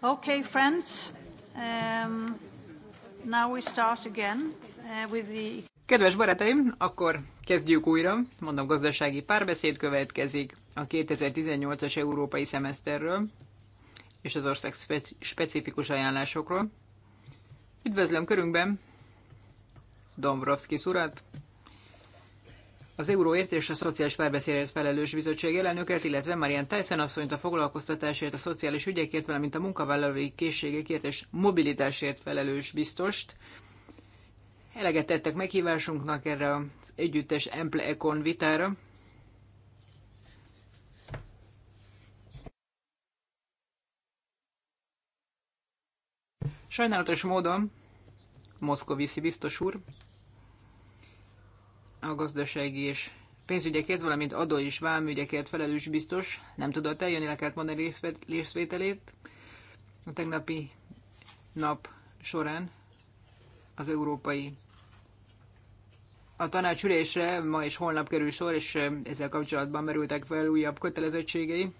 Okay, friends. Um, now we start again uh, with the... Kedves barátaim, akkor kezdjük újra. Mondom, gazdasági párbeszéd következik a 2018-as európai szemeszterről és az ország speci specifikus ajánlásokról. Üdvözlöm körünkben Dombrovskis urat, az euróért és a szociális párbeszédért felelős bizottság elnöket, illetve Marian Tyson asszonyt a foglalkoztatásért, a szociális ügyekért, valamint a munkavállalói készségekért és mobilitásért felelős biztost. Eleget tettek meghívásunknak erre az együttes Emple Econ vitára. Sajnálatos módon Moszkoviszi biztos úr a gazdasági és pénzügyekért, valamint adó és vámügyekért felelős biztos nem tudott eljönni, le kellett mondani részvételét. A tegnapi nap során az európai a tanácsülésre ma és holnap kerül sor, és ezzel kapcsolatban merültek fel újabb kötelezettségei.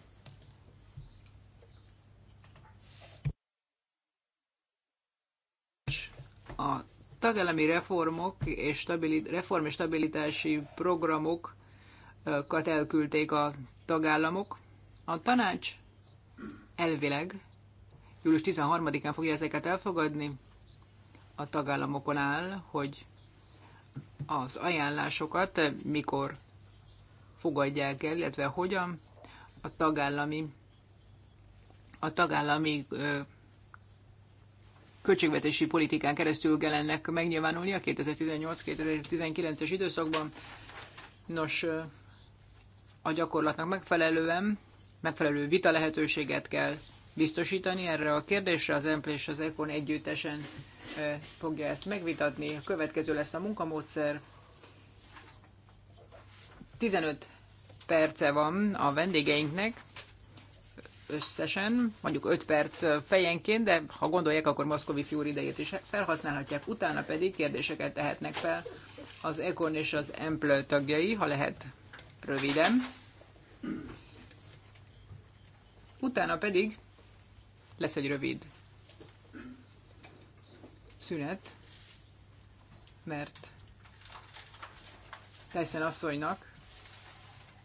A tagállami reformok és stabilit- reform és stabilitási programokat elküldték a tagállamok. A tanács elvileg július 13-án fogja ezeket elfogadni. A tagállamokon áll, hogy az ajánlásokat mikor fogadják el, illetve hogyan a tagállami a tagállami költségvetési politikán keresztül kell ennek megnyilvánulni a 2018-2019-es időszakban. Nos, a gyakorlatnak megfelelően megfelelő vita lehetőséget kell biztosítani erre a kérdésre. Az EMPL és az ECON együttesen fogja ezt megvitatni. A következő lesz a munkamódszer. 15 perce van a vendégeinknek összesen, mondjuk 5 perc fejenként, de ha gondolják, akkor Moszkovici úr idejét is felhasználhatják. Utána pedig kérdéseket tehetnek fel az Ekon és az Emplő tagjai, ha lehet röviden. Utána pedig lesz egy rövid szünet, mert Tyson asszonynak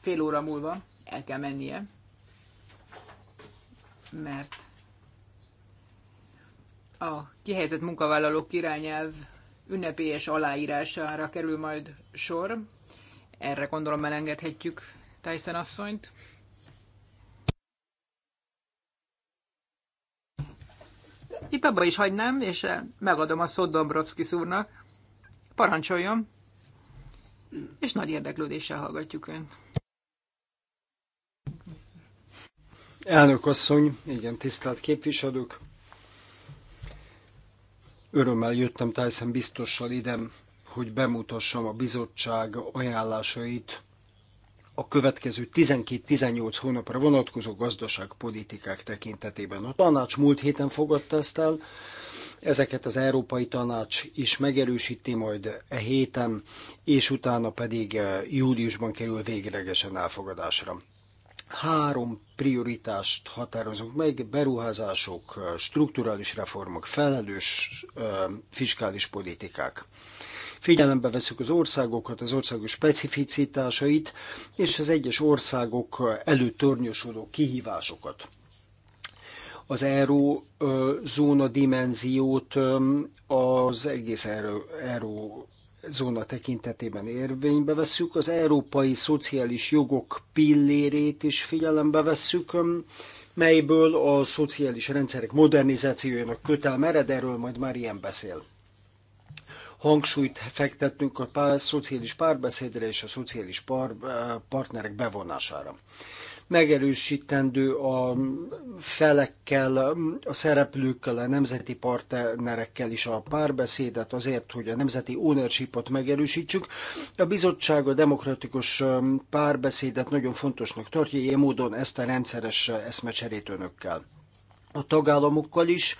fél óra múlva el kell mennie, mert a kihelyezett munkavállalók irányelv ünnepélyes aláírására kerül majd sor. Erre gondolom elengedhetjük Tyson asszonyt. Itt abba is hagynám, és megadom a szót Dombrovskis úrnak. Parancsoljon! És nagy érdeklődéssel hallgatjuk önt. Elnök asszony, igen, tisztelt képviselők. Örömmel jöttem teljesen biztossal idem, hogy bemutassam a bizottság ajánlásait a következő 12-18 hónapra vonatkozó gazdaságpolitikák tekintetében. A tanács múlt héten fogadta ezt el, ezeket az Európai Tanács is megerősíti majd e héten, és utána pedig eh, júliusban kerül véglegesen elfogadásra három prioritást határozunk meg, beruházások, strukturális reformok, felelős fiskális politikák. Figyelembe veszük az országokat, az országok specificitásait, és az egyes országok előtörnyösödő kihívásokat az euró zóna dimenziót az egész euró, euró zóna tekintetében érvénybe vesszük, az európai szociális jogok pillérét is figyelembe vesszük, melyből a szociális rendszerek modernizációjának kötelme, ered, erről majd már ilyen beszél. Hangsúlyt fektettünk a szociális párbeszédre és a szociális par, eh, partnerek bevonására megerősítendő a felekkel, a szereplőkkel, a nemzeti partnerekkel is a párbeszédet azért, hogy a nemzeti ownershipot megerősítsük. A bizottság a demokratikus um, párbeszédet nagyon fontosnak tartja, ilyen módon ezt a rendszeres uh, eszmecserét önökkel. A tagállamokkal is,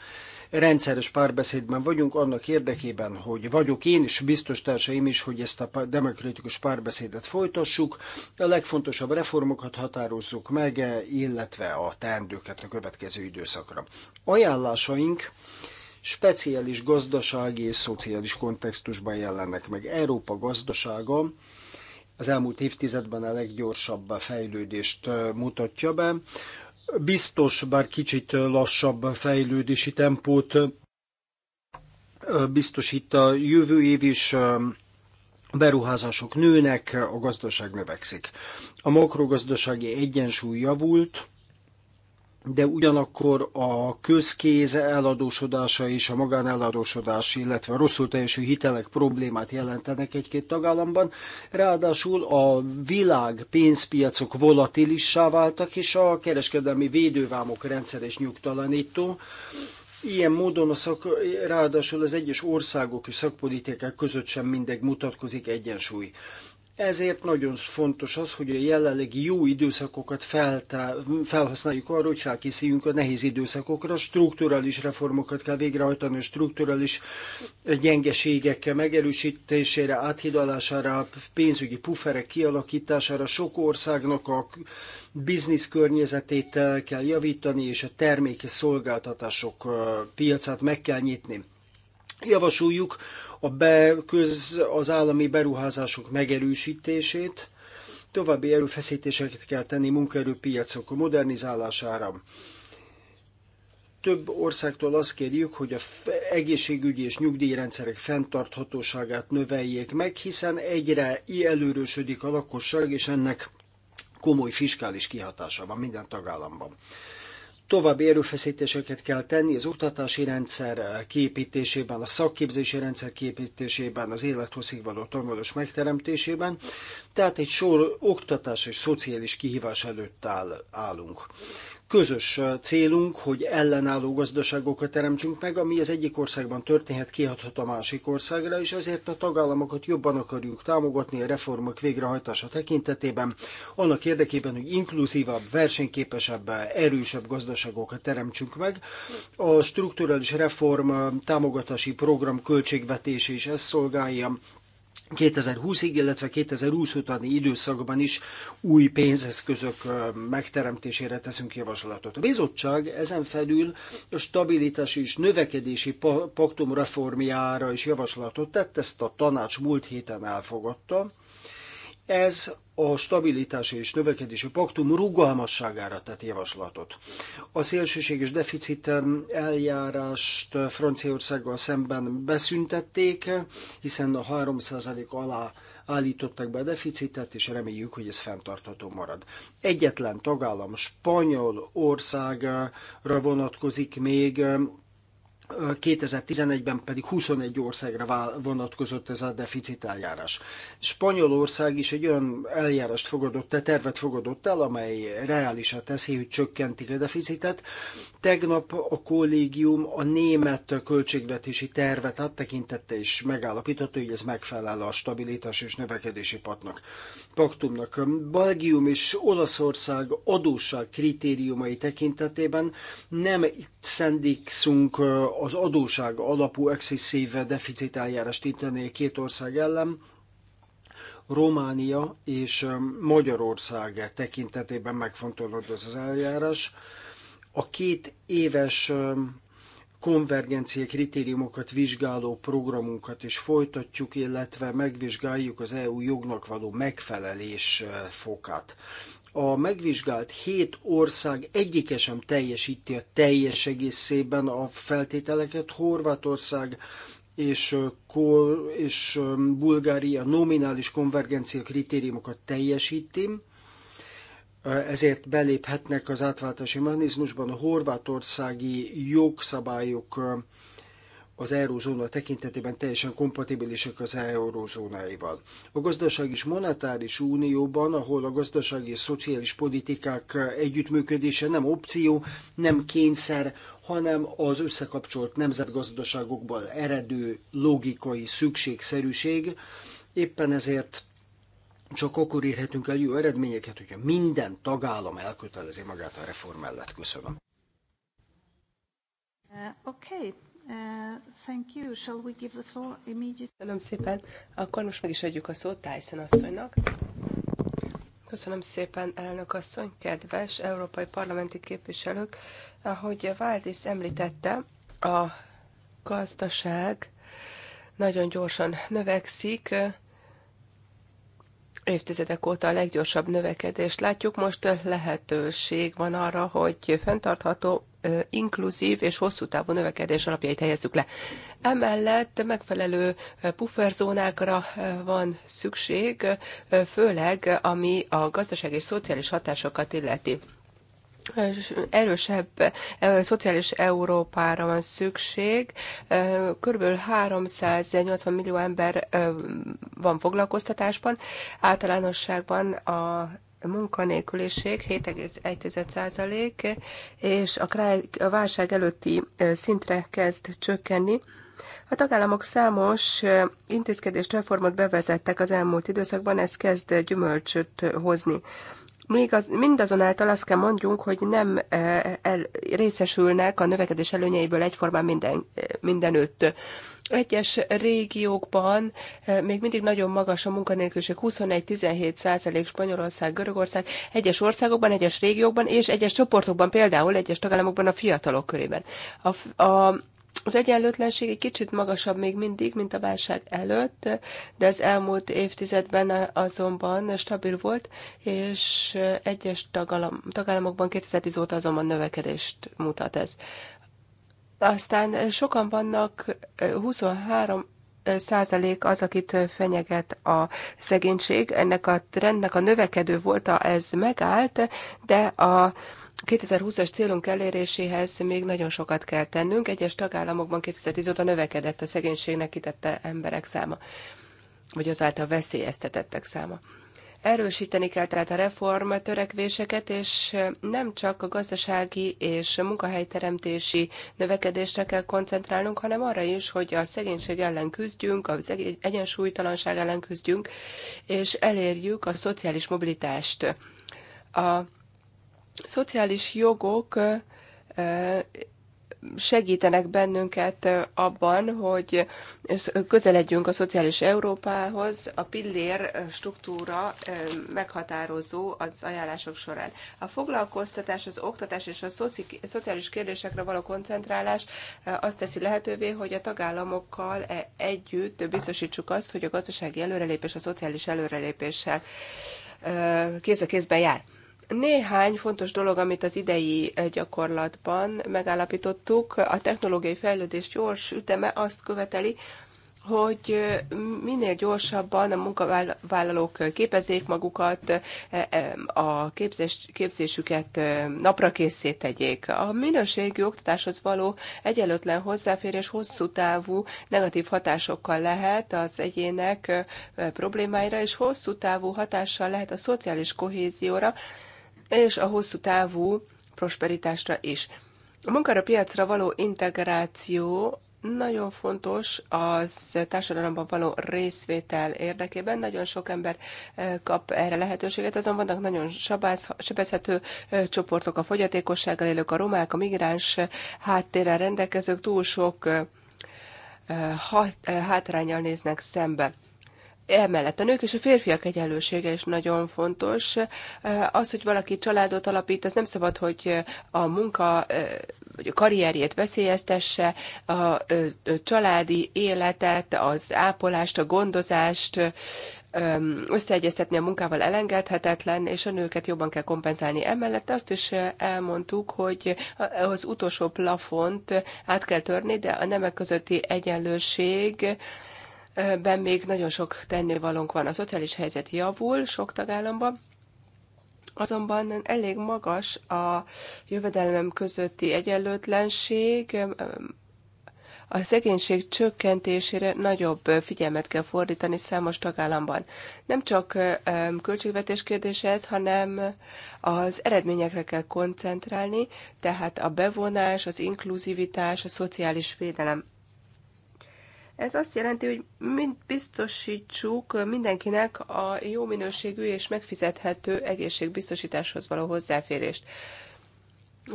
Rendszeres párbeszédben vagyunk annak érdekében, hogy vagyok én és biztos társaim is, hogy ezt a demokratikus párbeszédet folytassuk, a legfontosabb reformokat határozzuk meg, illetve a teendőket a következő időszakra. Ajánlásaink speciális gazdasági és szociális kontextusban jelennek meg. Európa gazdasága az elmúlt évtizedben a leggyorsabb fejlődést mutatja be biztos, bár kicsit lassabb fejlődési tempót biztosít a jövő év is, beruházások nőnek, a gazdaság növekszik. A makrogazdasági egyensúly javult, de ugyanakkor a közkéz eladósodása és a magáneladósodás, illetve a rosszul teljesű hitelek problémát jelentenek egy-két tagállamban. Ráadásul a világ pénzpiacok volatilissá váltak, és a kereskedelmi védővámok rendszeres nyugtalanító. Ilyen módon a szak, ráadásul az egyes országok és szakpolitikák között sem mindegy mutatkozik egyensúly. Ezért nagyon fontos az, hogy a jelenlegi jó időszakokat feltá, felhasználjuk arra, hogy felkészüljünk a nehéz időszakokra, strukturális reformokat kell végrehajtani, strukturális gyengeségekkel megerősítésére, áthidalására, pénzügyi pufferek kialakítására, sok országnak a biznisz környezetét kell javítani, és a termékes szolgáltatások piacát meg kell nyitni. Javasoljuk a be, köz, az állami beruházások megerősítését, további erőfeszítéseket kell tenni munkaerőpiacok modernizálására. Több országtól azt kérjük, hogy a egészségügyi és nyugdíjrendszerek fenntarthatóságát növeljék meg, hiszen egyre előrősödik a lakosság, és ennek komoly fiskális kihatása van minden tagállamban. További erőfeszítéseket kell tenni az oktatási rendszer képítésében, a szakképzési rendszer képítésében, az élethosszig való tanulás megteremtésében, tehát egy sor oktatás és szociális kihívás előtt áll, állunk közös uh, célunk, hogy ellenálló gazdaságokat teremtsünk meg, ami az egyik országban történhet, kihathat a másik országra, és ezért a tagállamokat jobban akarjuk támogatni a reformok végrehajtása tekintetében, annak érdekében, hogy inkluzívabb, versenyképesebb, erősebb gazdaságokat teremtsünk meg. A strukturális reform uh, támogatási program költségvetése is ezt szolgálja, 2020-ig, illetve 2020 utáni időszakban is új pénzeszközök megteremtésére teszünk javaslatot. A bizottság ezen felül a stabilitási és növekedési paktum reformjára is javaslatot tett, ezt a tanács múlt héten elfogadta. Ez a stabilitási és növekedési paktum rugalmasságára tett javaslatot. A szélsőséges deficit eljárást Franciaországgal szemben beszüntették, hiszen a 3% alá állították be a deficitet, és reméljük, hogy ez fenntartható marad. Egyetlen tagállam Spanyolországra vonatkozik még 2011-ben pedig 21 országra vonatkozott ez a deficit eljárás. Spanyolország is egy olyan eljárást fogadott el, tervet fogadott el, amely reálisra teszi, hogy csökkentik a deficitet. Tegnap a kollégium a német költségvetési tervet áttekintette és megállapította, hogy ez megfelel a stabilitás és növekedési patnak, paktumnak. Belgium és Olaszország adósság kritériumai tekintetében nem szendíkszunk az adóság alapú excessív deficit eljárást inteni két ország ellen, Románia és um, Magyarország tekintetében megfontolódott ez az eljárás. A két éves um, konvergencia kritériumokat vizsgáló programunkat is folytatjuk, illetve megvizsgáljuk az EU jognak való megfelelés uh, fokát. A megvizsgált hét ország egyike sem teljesíti a teljes egészében a feltételeket. Horvátország és, és Bulgária nominális konvergencia kritériumokat teljesíti, ezért beléphetnek az átváltási mechanizmusban a horvátországi jogszabályok az eurózóna tekintetében teljesen kompatibilisek az eurózónáival. A gazdaság és monetáris unióban, ahol a gazdasági és szociális politikák együttműködése nem opció, nem kényszer, hanem az összekapcsolt nemzetgazdaságokból eredő logikai szükségszerűség. Éppen ezért csak akkor érhetünk el jó eredményeket, hogyha minden tagállam elkötelezi magát a reform mellett. Köszönöm. Uh, okay. Uh, thank you. Shall we give the floor immediately? Köszönöm szépen. Akkor most meg is adjuk a szót Tyson asszonynak. Köszönöm szépen, elnök asszony, kedves európai parlamenti képviselők. Ahogy Váldis említette, a gazdaság nagyon gyorsan növekszik, évtizedek óta a leggyorsabb növekedést látjuk. Most lehetőség van arra, hogy fenntartható inkluzív és hosszú távú növekedés alapjait helyezzük le. Emellett megfelelő pufferzónákra van szükség, főleg ami a gazdaság és szociális hatásokat illeti erősebb szociális Európára van szükség. Körülbelül 380 millió ember van foglalkoztatásban. Általánosságban a munkanélküliség 7,1%, és a válság előtti szintre kezd csökkenni. A tagállamok számos intézkedést, reformot bevezettek az elmúlt időszakban, ez kezd gyümölcsöt hozni. Még az, mindazonáltal azt kell mondjunk, hogy nem el, részesülnek a növekedés előnyeiből egyformán minden, mindenütt. Egyes régiókban eh, még mindig nagyon magas a munkanélküliség, 21-17 százalék Spanyolország, Görögország, egyes országokban, egyes régiókban és egyes csoportokban, például egyes tagállamokban a fiatalok körében. A, a, az egyenlőtlenség egy kicsit magasabb még mindig, mint a válság előtt, de az elmúlt évtizedben azonban stabil volt, és egyes tagállam, tagállamokban 2010 óta azonban növekedést mutat ez. Aztán eh, sokan vannak, 23 eh, eh, százalék az, akit fenyeget a szegénység. Ennek a trendnek a növekedő volta, ez megállt, de a 2020-as célunk eléréséhez még nagyon sokat kell tennünk. Egyes tagállamokban 2010 óta növekedett a szegénységnek kitette emberek száma, vagy azáltal veszélyeztetettek száma. Erősíteni kell tehát a reform törekvéseket, és nem csak a gazdasági és munkahelyteremtési növekedésre kell koncentrálnunk, hanem arra is, hogy a szegénység ellen küzdjünk, az egyensúlytalanság ellen küzdjünk, és elérjük a szociális mobilitást. A szociális jogok segítenek bennünket abban, hogy közeledjünk a szociális Európához, a pillér struktúra meghatározó az ajánlások során. A foglalkoztatás, az oktatás és a szociális kérdésekre való koncentrálás azt teszi lehetővé, hogy a tagállamokkal e, együtt biztosítsuk azt, hogy a gazdasági előrelépés a szociális előrelépéssel kéz a kézben jár. Néhány fontos dolog, amit az idei eh, gyakorlatban megállapítottuk, a technológiai fejlődés gyors üteme azt követeli, hogy eh, minél gyorsabban a munkavállalók eh, képezzék magukat, a képzés, képzésüket napra készé A minőségi oktatáshoz való egyenlőtlen hozzáférés hosszú távú negatív hatásokkal lehet az egyének problémáira, és hosszú távú hatással lehet a szociális kohézióra, és a hosszú távú prosperitásra is. A munkára való integráció nagyon fontos az társadalomban való részvétel érdekében. Nagyon sok ember eh, kap erre lehetőséget, azon vannak nagyon sabáz, sebezhető eh, csoportok, a fogyatékossággal élők, a romák, a migráns eh, háttérrel rendelkezők túl sok hátrányjal néznek szembe. Emellett a nők és a férfiak egyenlősége is nagyon fontos. Eh, az, hogy valaki családot alapít, ez nem szabad, hogy eh, a munka eh, vagy a karrierjét veszélyeztesse, a családi életet, az ápolást, a gondozást, összeegyeztetni a munkával elengedhetetlen, és a nőket jobban kell kompenzálni. Emellett azt is elmondtuk, hogy az utolsó plafont át kell törni, de a nemek közötti egyenlőség ben még nagyon sok tennivalónk van. A szociális helyzet javul sok tagállamban, Azonban elég magas a jövedelmem közötti egyenlőtlenség, a szegénység csökkentésére nagyobb figyelmet kell fordítani számos tagállamban. Nem csak költségvetés kérdése ez, hanem az eredményekre kell koncentrálni, tehát a bevonás, az inkluzivitás, a szociális védelem. Ez azt jelenti, hogy mind biztosítsuk mindenkinek a jó minőségű és megfizethető egészségbiztosításhoz való hozzáférést.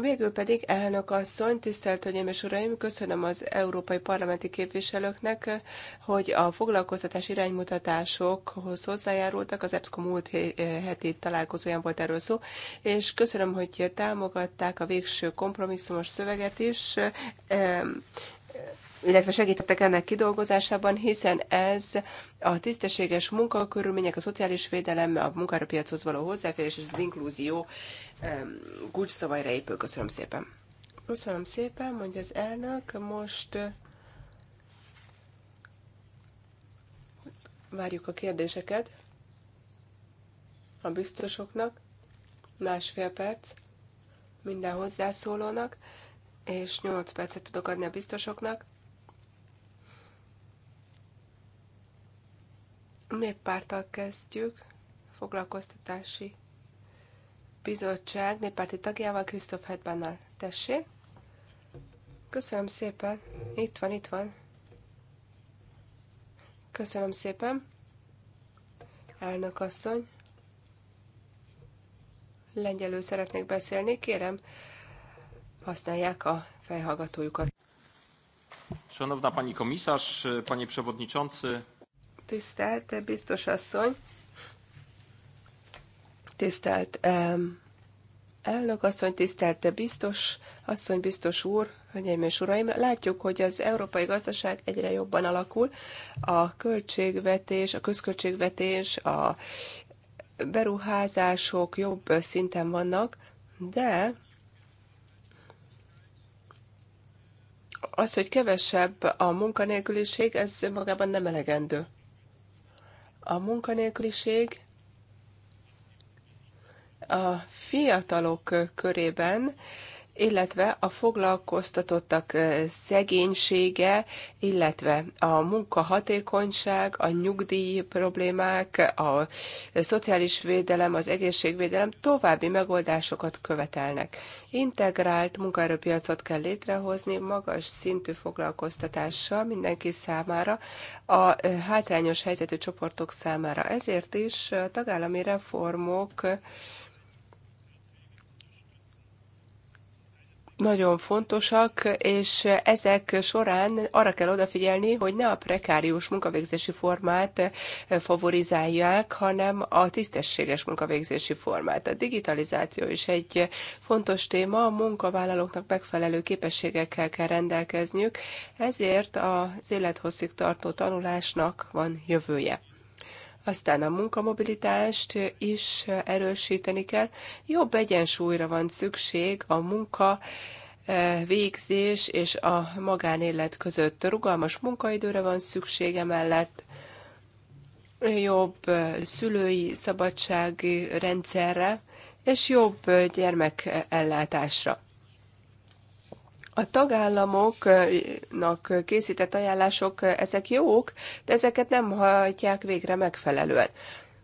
Végül pedig elnök asszony, tisztelt Hölgyeim és Uraim, köszönöm az európai parlamenti képviselőknek, hogy a foglalkoztatás iránymutatásokhoz hozzájárultak, az EBSCO múlt heti találkozóján volt erről szó, és köszönöm, hogy támogatták a végső kompromisszumos szöveget is, illetve segítettek ennek kidolgozásában, hiszen ez a tisztességes munkakörülmények, a szociális védelem, a munkaerőpiachoz való hozzáférés és az inkluzió kulcsszavaira épül. Köszönöm szépen. Köszönöm szépen, mondja az elnök. Most várjuk a kérdéseket a biztosoknak. Másfél perc minden hozzászólónak, és 8 percet tudok adni a biztosoknak. Néppárttal kezdjük. Foglalkoztatási bizottság néppárti tagjával, Krisztof Hedbánnal. Tessék! Köszönöm szépen. Itt van, itt van. Köszönöm szépen. Elnök asszony. Lengyelő szeretnék beszélni. Kérem, használják a fejhallgatójukat. Szanowna pani komisarz, panie przewodniczący, Tisztelt biztos asszony, tisztelt elnök asszony, tisztelt biztos asszony, biztos úr, hölgyeim és uraim, látjuk, hogy az európai gazdaság egyre jobban alakul. A költségvetés, a közköltségvetés, a beruházások jobb szinten vannak, de az, hogy kevesebb a munkanélküliség, ez magában nem elegendő a munkanélküliség a fiatalok körében illetve a foglalkoztatottak szegénysége, illetve a munkahatékonyság, a nyugdíj problémák, a szociális védelem, az egészségvédelem további megoldásokat követelnek. Integrált munkaerőpiacot kell létrehozni magas szintű foglalkoztatással mindenki számára, a hátrányos helyzetű csoportok számára. Ezért is tagállami reformok nagyon fontosak, és ezek során arra kell odafigyelni, hogy ne a prekárius munkavégzési formát favorizálják, hanem a tisztességes munkavégzési formát. A digitalizáció is egy fontos téma, a munkavállalóknak megfelelő képességekkel kell rendelkezniük, ezért az élethosszig tartó tanulásnak van jövője. Aztán a munkamobilitást is erősíteni kell. Jobb egyensúlyra van szükség a munka e, végzés és a magánélet között. Rugalmas munkaidőre van szüksége mellett, jobb e, szülői szabadsági rendszerre, és jobb e, gyermekellátásra. A tagállamoknak készített ajánlások, ezek jók, de ezeket nem hajtják végre megfelelően.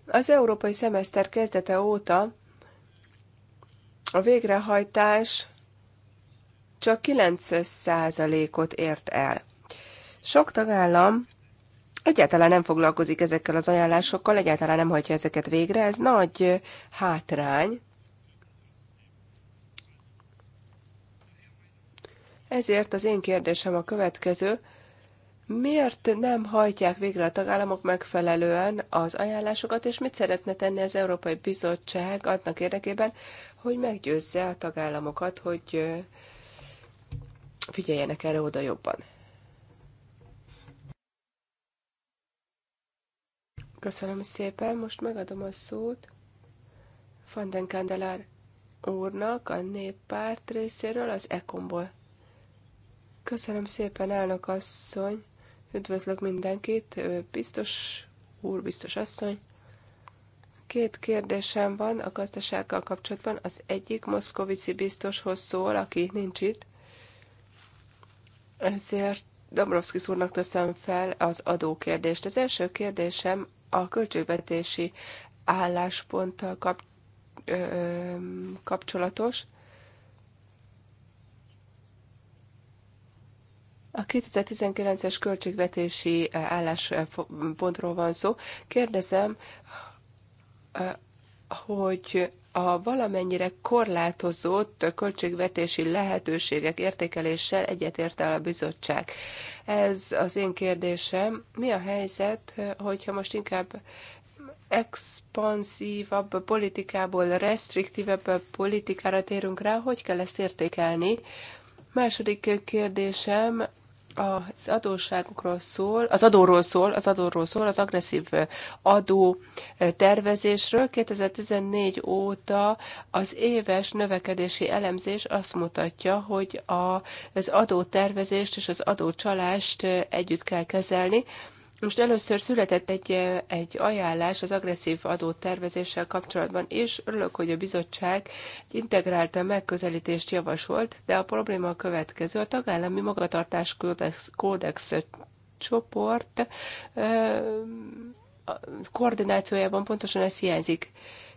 Az európai szemeszter kezdete óta a végrehajtás csak 9%-ot ért el. Sok tagállam egyáltalán nem foglalkozik ezekkel az ajánlásokkal, egyáltalán nem hagyja ezeket végre, ez nagy hátrány, Ezért az én kérdésem a következő. Miért nem hajtják végre a tagállamok megfelelően az ajánlásokat, és mit szeretne tenni az Európai Bizottság annak érdekében, hogy meggyőzze a tagállamokat, hogy figyeljenek erre oda jobban? Köszönöm szépen, most megadom a szót Fandenkandelár úrnak a néppárt részéről, az Ekomból. Köszönöm szépen, elnök asszony. Üdvözlök mindenkit, biztos úr, biztos asszony. Két kérdésem van a gazdasággal kapcsolatban. Az egyik Moszkovici biztoshoz szól, aki nincs itt. Ezért Dombrovszki úrnak teszem fel az adókérdést. Az első kérdésem a költségvetési állásponttal kap, ö, kapcsolatos. A 2019-es költségvetési eh, álláspontról van szó. Kérdezem, eh, hogy a valamennyire korlátozott költségvetési lehetőségek értékeléssel egyetért el a bizottság. Ez az én kérdésem. Mi a helyzet, hogyha most inkább expanszívabb politikából restriktívebb politikára térünk rá, hogy kell ezt értékelni? Második kérdésem az adósságokról szól, az adóról szól, az adóról szól, az agresszív adó tervezésről. 2014 óta az éves növekedési elemzés azt mutatja, hogy az tervezést és az adócsalást együtt kell kezelni. Most először született egy, egy ajánlás az agresszív adótervezéssel kapcsolatban, és örülök, hogy a bizottság egy integrált megközelítést javasolt, de a probléma a következő. A tagállami magatartás kódex, kódex csoport ö, koordinációjában pontosan ez hiányzik.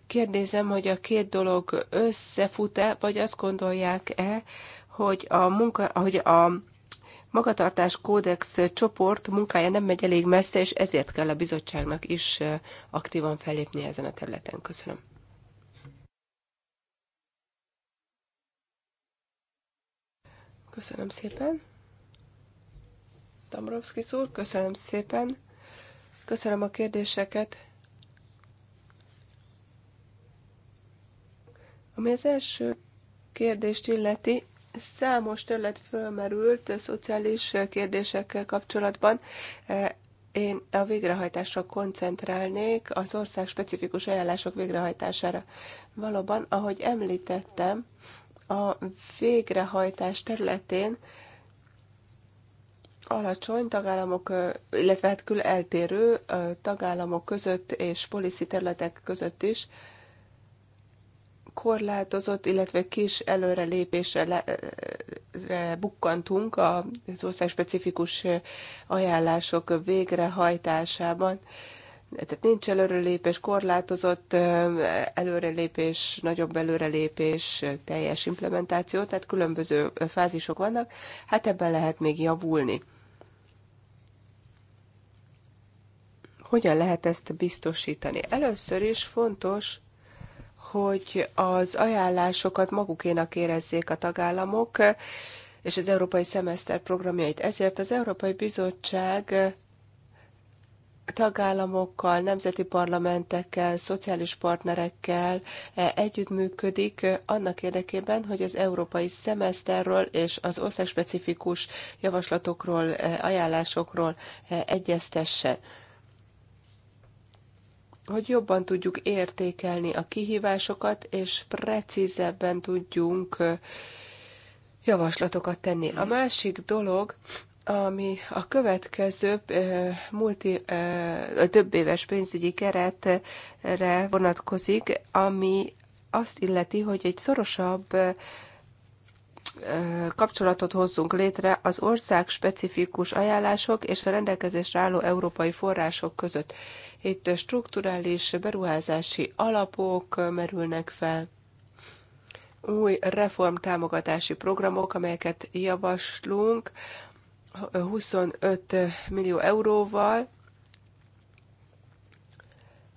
Kérdezem, hogy a két dolog összefut-e, vagy azt gondolják-e, hogy a munka, hogy a magatartás kódex csoport munkája nem megy elég messze, és ezért kell a bizottságnak is aktívan fellépni ezen a területen. Köszönöm. Köszönöm szépen. Tamrovszki úr, köszönöm szépen. Köszönöm a kérdéseket. Ami az első kérdést illeti, Számos terület fölmerült szociális kérdésekkel kapcsolatban. Én a végrehajtásra koncentrálnék, az ország specifikus ajánlások végrehajtására. Valóban, ahogy említettem, a végrehajtás területén alacsony tagállamok, illetve hát kül eltérő tagállamok között és policy területek között is korlátozott, illetve kis előrelépésre le, le, eh, eh, bukkantunk az országspecifikus eh, ajánlások végrehajtásában. Tehát nincs előrelépés, korlátozott előrelépés, nagyobb előrelépés, teljes implementáció, tehát különböző fázisok vannak, hát ebben lehet még javulni. Hogyan lehet ezt biztosítani? Először is fontos, hogy az ajánlásokat magukénak érezzék a tagállamok, és az Európai Szemeszter programjait. Ezért az Európai Bizottság tagállamokkal, nemzeti parlamentekkel, szociális partnerekkel együttműködik annak érdekében, hogy az európai szemeszterről és az országspecifikus javaslatokról, ajánlásokról egyeztessen hogy jobban tudjuk értékelni a kihívásokat, és precízebben tudjunk javaslatokat tenni. A másik dolog, ami a következő multi, több éves pénzügyi keretre vonatkozik, ami azt illeti, hogy egy szorosabb kapcsolatot hozzunk létre az ország specifikus ajánlások és a rendelkezésre álló európai források között. Itt strukturális beruházási alapok merülnek fel, új reformtámogatási programok, amelyeket javaslunk 25 millió euróval,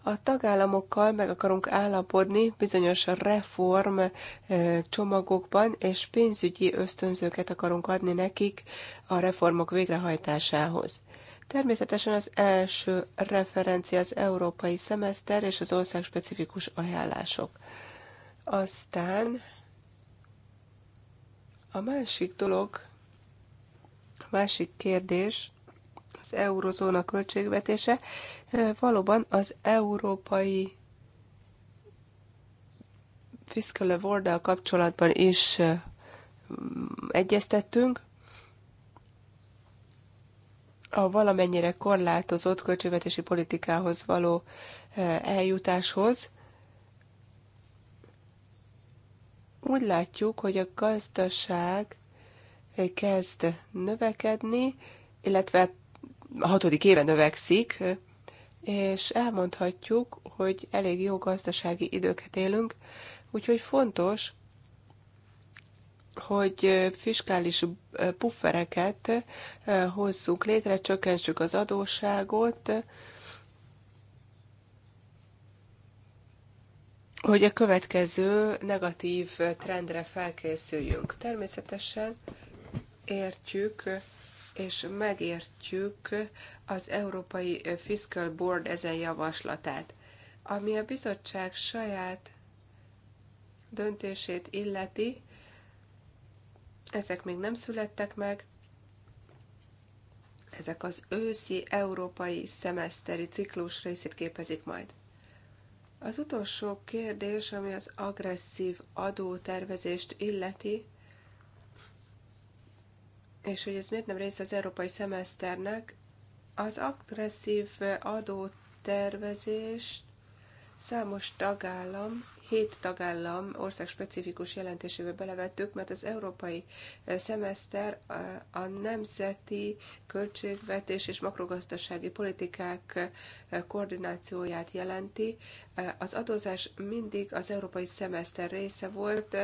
a tagállamokkal meg akarunk állapodni bizonyos reform eh, csomagokban, és pénzügyi ösztönzőket akarunk adni nekik a reformok végrehajtásához. Természetesen az első referencia az európai szemeszter és az országspecifikus ajánlások. Aztán a másik dolog, a másik kérdés, az eurozóna költségvetése, valóban az európai fiscal award kapcsolatban is egyeztettünk, a valamennyire korlátozott költségvetési politikához való eljutáshoz. Úgy látjuk, hogy a gazdaság kezd növekedni, illetve a hatodik éve növekszik, és elmondhatjuk, hogy elég jó gazdasági időket élünk, úgyhogy fontos, hogy fiskális puffereket eh, hozzunk létre, csökkentsük az adósságot, hogy a következő negatív trendre felkészüljünk. Természetesen értjük és megértjük az Európai Fiscal Board ezen javaslatát, ami a bizottság saját döntését illeti, ezek még nem születtek meg, ezek az őszi európai szemeszteri ciklus részét képezik majd. Az utolsó kérdés, ami az agresszív adótervezést illeti, és hogy ez miért nem része az európai szemeszternek, az agresszív adótervezés számos tagállam, hét tagállam ország specifikus jelentésébe belevettük, mert az európai eh, szemeszter eh, a nemzeti költségvetés és makrogazdasági politikák eh, koordinációját jelenti. Az adózás mindig az európai szemeszter része volt,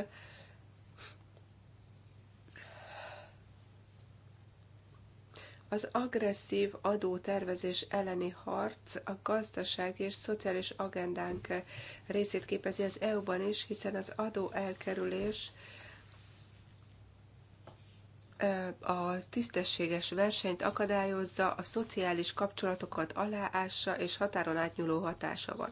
Az agresszív adótervezés elleni harc a gazdaság és szociális agendánk részét képezi az EU-ban is, hiszen az adó elkerülés a tisztességes versenyt akadályozza, a szociális kapcsolatokat aláássa és határon átnyúló hatása van.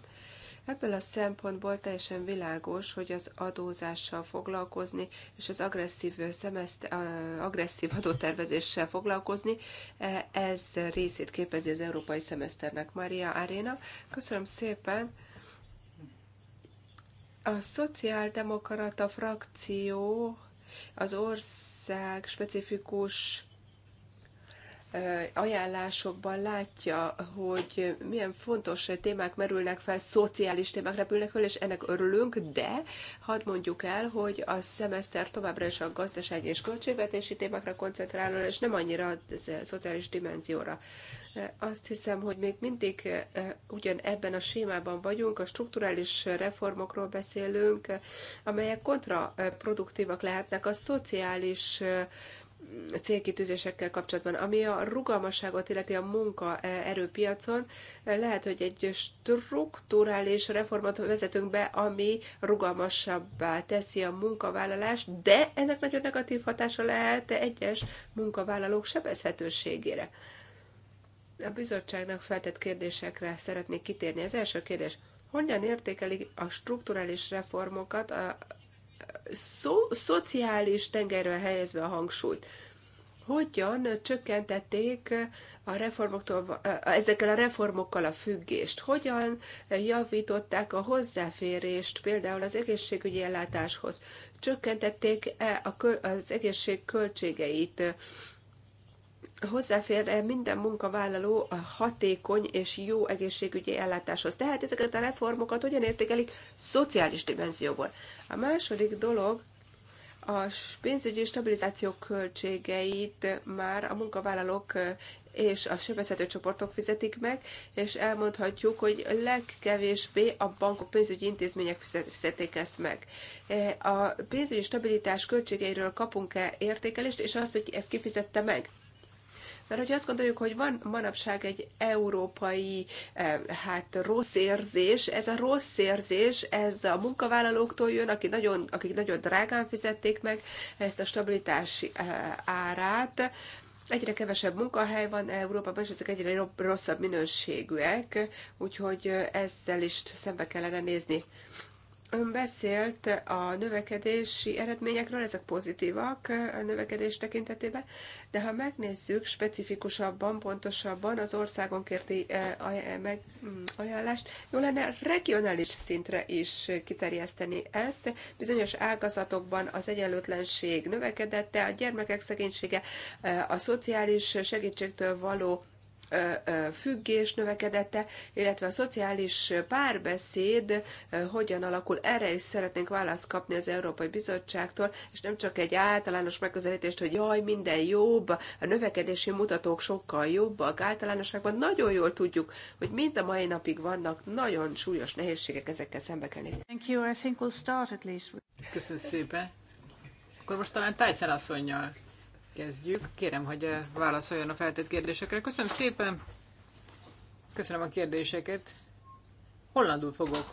Ebből a szempontból teljesen világos, hogy az adózással foglalkozni és az agresszív, szemeszte, agresszív adótervezéssel foglalkozni, e, ez részét képezi az európai szemeszternek. Maria Arena, köszönöm szépen! A szociáldemokrata frakció az ország specifikus ajánlásokban látja, hogy milyen fontos témák merülnek fel, szociális témák repülnek fel, és ennek örülünk, de hadd mondjuk el, hogy a szemeszter továbbra is a gazdasági és költségvetési témákra koncentrál, és nem annyira a szociális dimenzióra. Azt hiszem, hogy még mindig ugyan ebben a sémában vagyunk, a strukturális reformokról beszélünk, amelyek kontraproduktívak lehetnek a szociális célkitűzésekkel kapcsolatban. Ami a rugalmasságot illeti a munka e, erőpiacon, e, lehet, hogy egy strukturális reformot vezetünk be, ami rugalmasabbá teszi a munkavállalást, de ennek nagyon negatív hatása lehet egyes munkavállalók sebezhetőségére. A bizottságnak feltett kérdésekre szeretnék kitérni. Az első kérdés, hogyan értékelik a strukturális reformokat a szó, szociális tengerrel helyezve a hangsúlyt. Hogyan csökkentették a reformoktól, ezekkel a reformokkal a függést? Hogyan javították a hozzáférést például az egészségügyi ellátáshoz? Csökkentették-e az egészség költségeit? hozzáfér minden munkavállaló a hatékony és jó egészségügyi ellátáshoz. Tehát ezeket a reformokat hogyan értékelik szociális dimenzióból. A második dolog, a pénzügyi stabilizáció költségeit már a munkavállalók és a sebezhető csoportok fizetik meg, és elmondhatjuk, hogy legkevésbé a bankok, pénzügyi intézmények fizetik ezt meg. E, a pénzügyi stabilitás költségeiről kapunk-e értékelést, és azt, hogy ezt kifizette meg? Mert hogy azt gondoljuk, hogy van manapság egy európai eh, hát rossz érzés, ez a rossz érzés, ez a munkavállalóktól jön, akik nagyon, akik nagyon drágán fizették meg ezt a stabilitási eh, árát, egyre kevesebb munkahely van Európában, és ezek egyre rosszabb minőségűek, úgyhogy eh, ezzel is szembe kellene nézni. Ön beszélt a növekedési eredményekről, ezek pozitívak a növekedés tekintetében, de ha megnézzük specifikusabban, pontosabban az országonkérti eh, mm, ajánlást, jó lenne regionális szintre is kiterjeszteni ezt. Bizonyos ágazatokban az egyenlőtlenség növekedette, a gyermekek szegénysége, eh, a szociális segítségtől való függés növekedette, illetve a szociális párbeszéd hogyan alakul. Erre is szeretnénk választ kapni az Európai Bizottságtól, és nem csak egy általános megközelítést, hogy jaj, minden jobb, a növekedési mutatók sokkal jobbak. Általánosságban nagyon jól tudjuk, hogy mind a mai napig vannak nagyon súlyos nehézségek, ezekkel szembe kell nézni. Thank you. I think we'll start at least. Köszönöm szépen. Akkor most talán Tyson asszonynal kezdjük. Kérem, hogy eh, válaszoljon a feltett kérdésekre. Köszönöm szépen. Köszönöm a kérdéseket. Hollandul fogok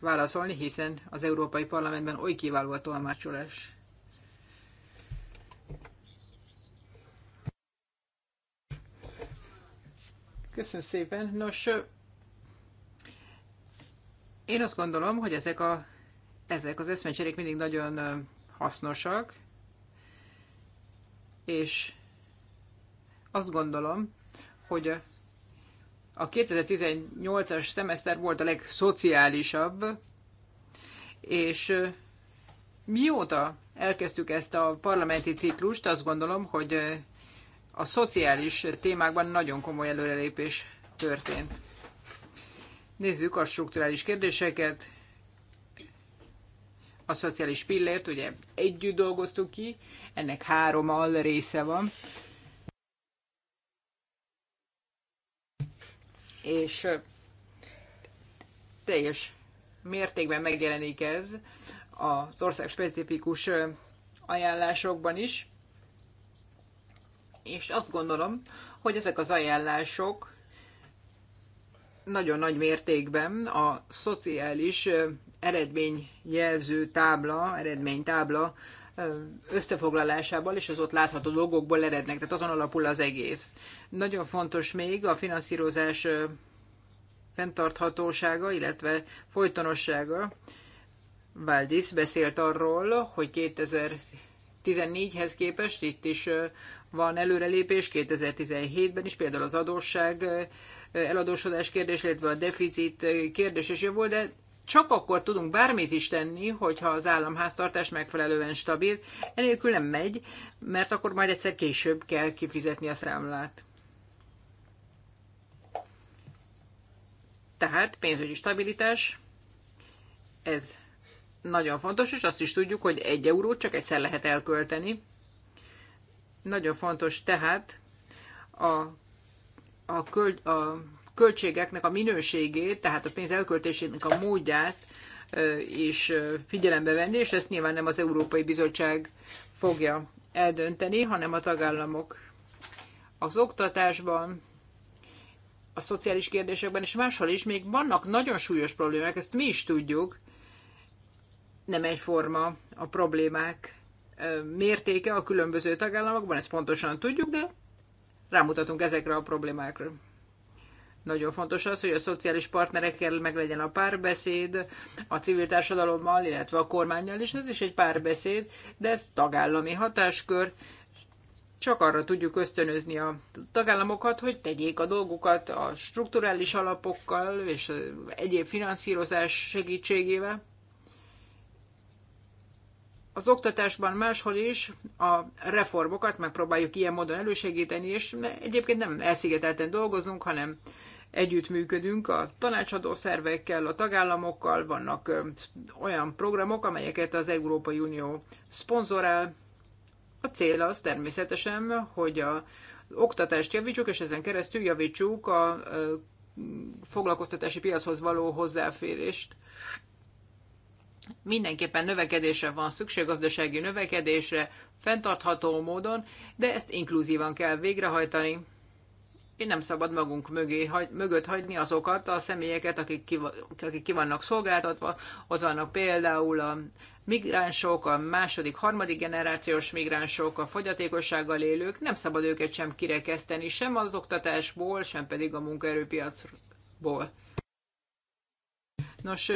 válaszolni, hiszen az Európai Parlamentben oly kiváló a tolmácsolás. Köszönöm szépen. Nos, eh, én azt gondolom, hogy ezek, a, ezek az eszmecserék mindig nagyon eh, hasznosak, és azt gondolom, hogy a, 2018-as szemeszter volt a legszociálisabb, és mióta elkezdtük ezt a parlamenti ciklust, azt gondolom, hogy a szociális témákban nagyon komoly előrelépés történt. Nézzük a strukturális kérdéseket a szociális pillért, ugye együtt dolgoztuk ki, ennek három al része van. És teljes mértékben megjelenik ez az ország specifikus ajánlásokban is. És azt gondolom, hogy ezek az ajánlások nagyon nagy mértékben a szociális eredményjelző tábla, eredménytábla összefoglalásából és az ott látható dolgokból erednek, tehát azon alapul az egész. Nagyon fontos még a finanszírozás fenntarthatósága, illetve folytonossága. Valdis beszélt arról, hogy 2014-hez képest itt is van előrelépés, 2017-ben is például az adósság eladósodás kérdés, illetve a deficit kérdés is jó volt, de csak akkor tudunk bármit is tenni, hogyha az államháztartás megfelelően stabil, enélkül nem megy, mert akkor majd egyszer később kell kifizetni a számlát. Tehát pénzügyi stabilitás, ez nagyon fontos, és azt is tudjuk, hogy egy eurót csak egyszer lehet elkölteni. Nagyon fontos tehát a, a, köl, a költségeknek a minőségét, tehát a pénz elköltésének a módját is figyelembe venni, és ezt nyilván nem az Európai Bizottság fogja eldönteni, hanem a tagállamok. Az oktatásban, a szociális kérdésekben és máshol is még vannak nagyon súlyos problémák, ezt mi is tudjuk, nem egyforma a problémák mértéke a különböző tagállamokban, ezt pontosan tudjuk, de rámutatunk ezekre a problémákra. Nagyon fontos az, hogy a szociális partnerekkel meglegyen a párbeszéd, a civil társadalommal, illetve a kormányjal is, ez is egy párbeszéd, de ez tagállami hatáskör. Csak arra tudjuk ösztönözni a tagállamokat, hogy tegyék a dolgukat a strukturális alapokkal és egyéb finanszírozás segítségével. Az oktatásban máshol is a reformokat megpróbáljuk ilyen módon elősegíteni, és egyébként nem elszigetelten dolgozunk, hanem együttműködünk a tanácsadó szervekkel, a tagállamokkal, vannak olyan programok, amelyeket az Európai Unió szponzorál. A cél az természetesen, hogy a oktatást javítsuk, és ezen keresztül javítsuk a foglalkoztatási piachoz való hozzáférést. Mindenképpen növekedésre van szükség, gazdasági növekedésre, fenntartható módon, de ezt inkluzívan kell végrehajtani nem szabad magunk mögé, hagy, mögött hagyni azokat a személyeket, akik ki, akik ki vannak szolgáltatva. Ott vannak például a migránsok, a második, harmadik generációs migránsok, a fogyatékossággal élők. Nem szabad őket sem kirekeszteni, sem az oktatásból, sem pedig a munkaerőpiacból. Nos,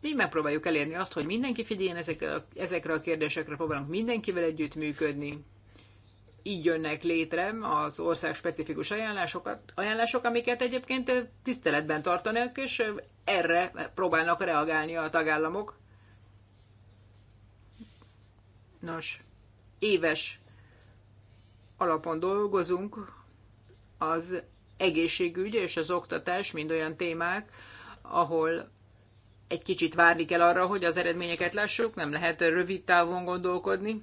mi megpróbáljuk elérni azt, hogy mindenki figyeljen ezekre, ezekre a kérdésekre, próbálunk mindenkivel együtt működni, így jönnek létre az ország specifikus ajánlásokat, ajánlások, amiket egyébként tiszteletben tartanak, és erre próbálnak reagálni a tagállamok. Nos, éves alapon dolgozunk, az egészségügy és az oktatás mind olyan témák, ahol egy kicsit várni kell arra, hogy az eredményeket lássuk, nem lehet rövid távon gondolkodni,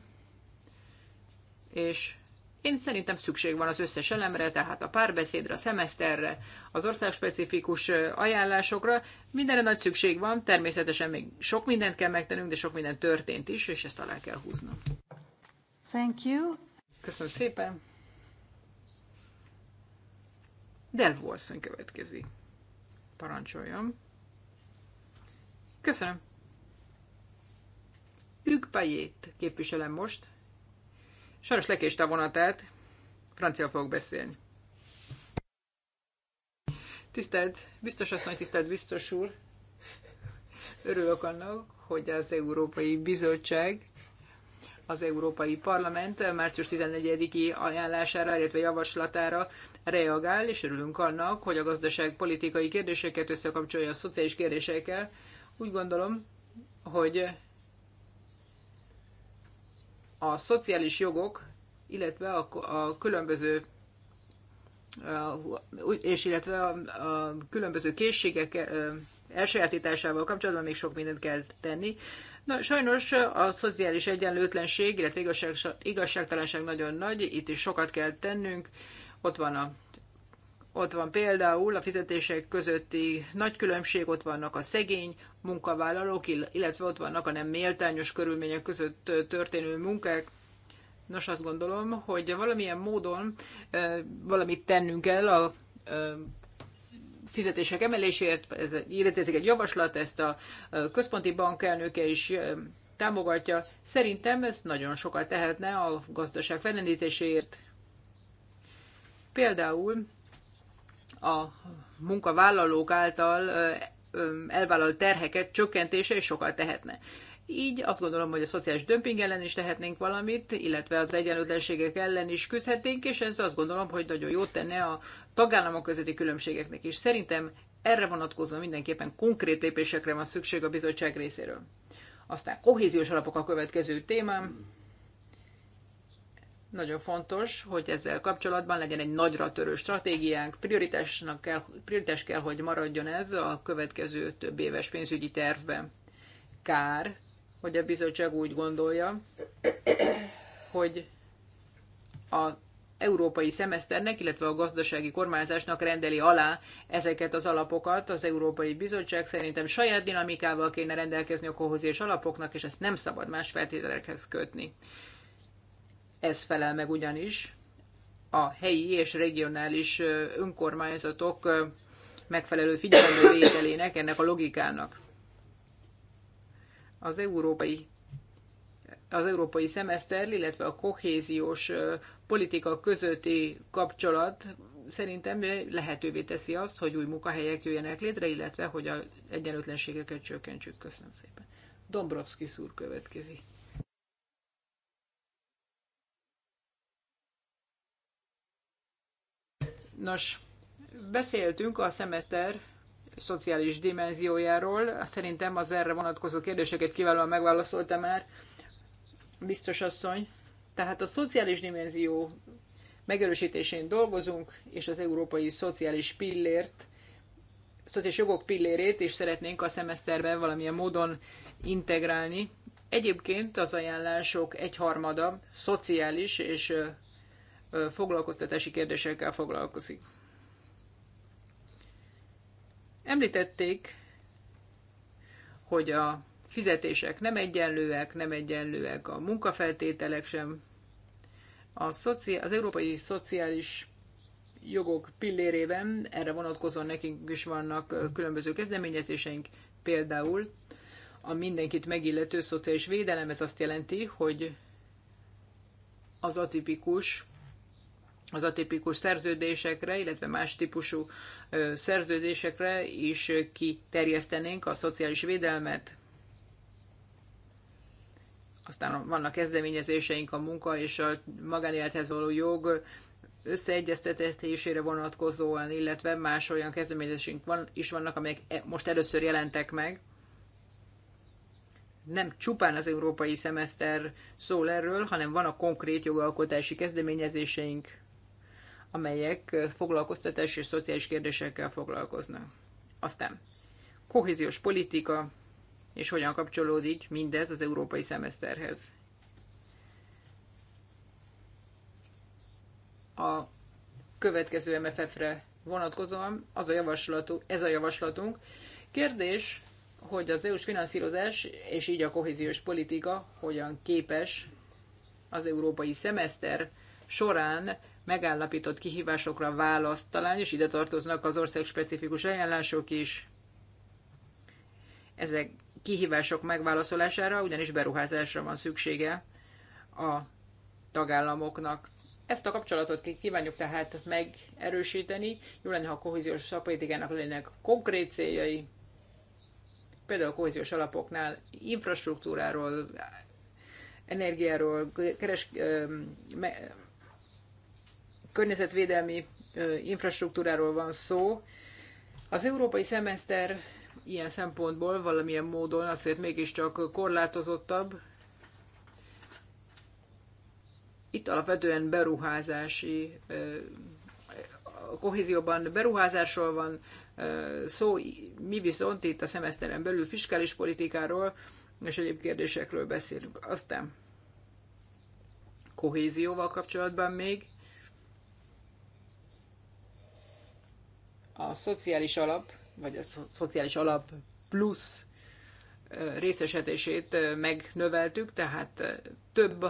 és én szerintem szükség van az összes elemre, tehát a párbeszédre, a szemeszterre, az országspecifikus ajánlásokra. Mindenre nagy szükség van, természetesen még sok mindent kell megtennünk, de sok minden történt is, és ezt alá kell húznom. Thank you. Köszönöm szépen. Del Wilson következik. Parancsoljon. Köszönöm. Ők Payet képviselem most, Sajnos lekéste a vonatát, francia fogok beszélni. Tisztelt biztos asszony, tisztelt biztos úr! Örülök annak, hogy az Európai Bizottság az Európai Parlament március 14-i ajánlására, illetve javaslatára reagál, és örülünk annak, hogy a gazdaság politikai kérdéseket összekapcsolja a szociális kérdésekkel. Úgy gondolom, hogy a szociális jogok, illetve a, a különböző és illetve a, a különböző készségek elsajátításával kapcsolatban még sok mindent kell tenni. Na, sajnos a szociális egyenlőtlenség, illetve igazság, igazságtalanság nagyon nagy, itt is sokat kell tennünk. Ott van a ott van például a fizetések közötti nagy különbség, ott vannak a szegény munkavállalók, illetve ott vannak a nem méltányos körülmények között történő munkák. Nos, azt gondolom, hogy valamilyen módon valamit tennünk kell a fizetések emeléséért, ez, illetve egy javaslat, ezt a központi bank elnöke is támogatja. Szerintem ez nagyon sokat tehetne a gazdaság fellendítéséért. Például a munkavállalók által elvállalt terheket csökkentése is sokat tehetne. Így azt gondolom, hogy a szociális dömping ellen is tehetnénk valamit, illetve az egyenlőtlenségek ellen is küzdhetnénk, és ez azt gondolom, hogy nagyon jót tenne a tagállamok közötti különbségeknek is. Szerintem erre vonatkozóan mindenképpen konkrét lépésekre van szükség a bizottság részéről. Aztán kohéziós alapok a következő témám. Nagyon fontos, hogy ezzel kapcsolatban legyen egy nagyra törő stratégiánk. Prioritásnak kell, prioritás kell, hogy maradjon ez a következő több éves pénzügyi tervben. Kár, hogy a bizottság úgy gondolja, hogy a európai szemeszternek, illetve a gazdasági kormányzásnak rendeli alá ezeket az alapokat. Az Európai Bizottság szerintem saját dinamikával kéne rendelkezni a kohozés alapoknak, és ezt nem szabad más feltételekhez kötni. Ez felel meg ugyanis a helyi és regionális önkormányzatok megfelelő figyelembevételének, ennek a logikának. Az európai az európai szemeszter, illetve a kohéziós politika közötti kapcsolat szerintem lehetővé teszi azt, hogy új munkahelyek jöjjenek létre, illetve hogy a egyenlőtlenségeket csökkentsük. Köszönöm szépen. Dombrovski szúr következik. Nos, beszéltünk a szemeszter szociális dimenziójáról. Szerintem az erre vonatkozó kérdéseket kiválóan megválaszolta már biztos asszony. Tehát a szociális dimenzió megerősítésén dolgozunk, és az európai szociális pillért, szociális jogok pillérét is szeretnénk a szemeszterbe valamilyen módon integrálni. Egyébként az ajánlások egyharmada szociális és foglalkoztatási kérdésekkel foglalkozik. Említették, hogy a fizetések nem egyenlőek, nem egyenlőek a munkafeltételek sem. A szoci- az európai szociális jogok pillérében erre vonatkozóan nekünk is vannak különböző kezdeményezéseink, például a mindenkit megillető szociális védelem, ez azt jelenti, hogy az atipikus az atipikus szerződésekre, illetve más típusú szerződésekre is kiterjesztenénk a szociális védelmet. Aztán vannak kezdeményezéseink a munka és a magánélethez való jog összeegyeztetésére vonatkozóan, illetve más olyan kezdeményezésünk van, is vannak, amelyek e, most először jelentek meg. Nem csupán az európai szemeszter szól erről, hanem van a konkrét jogalkotási kezdeményezéseink, amelyek foglalkoztatás és szociális kérdésekkel foglalkoznak. Aztán kohéziós politika, és hogyan kapcsolódik mindez az európai szemeszterhez. A következő MFF-re vonatkozóan az a javaslatunk, ez a javaslatunk. Kérdés, hogy az EU-s finanszírozás és így a kohéziós politika hogyan képes az európai szemeszter során megállapított kihívásokra választ talán, és ide tartoznak az ország specifikus ajánlások is. Ezek kihívások megválaszolására ugyanis beruházásra van szüksége a tagállamoknak. Ezt a kapcsolatot kívánjuk tehát megerősíteni. Jó lenne, ha a kohéziós szakpolitikának lennének konkrét céljai, például a kohéziós alapoknál infrastruktúráról, energiáról, keres, környezetvédelmi infrastruktúráról van szó. Az európai szemeszter ilyen szempontból valamilyen módon azért mégiscsak korlátozottabb. Itt alapvetően beruházási, a kohézióban beruházásról van szó, mi viszont itt a szemeszteren belül fiskális politikáról és egyéb kérdésekről beszélünk. Aztán kohézióval kapcsolatban még a szociális alap, vagy a szociális alap plusz részesedését megnöveltük, tehát több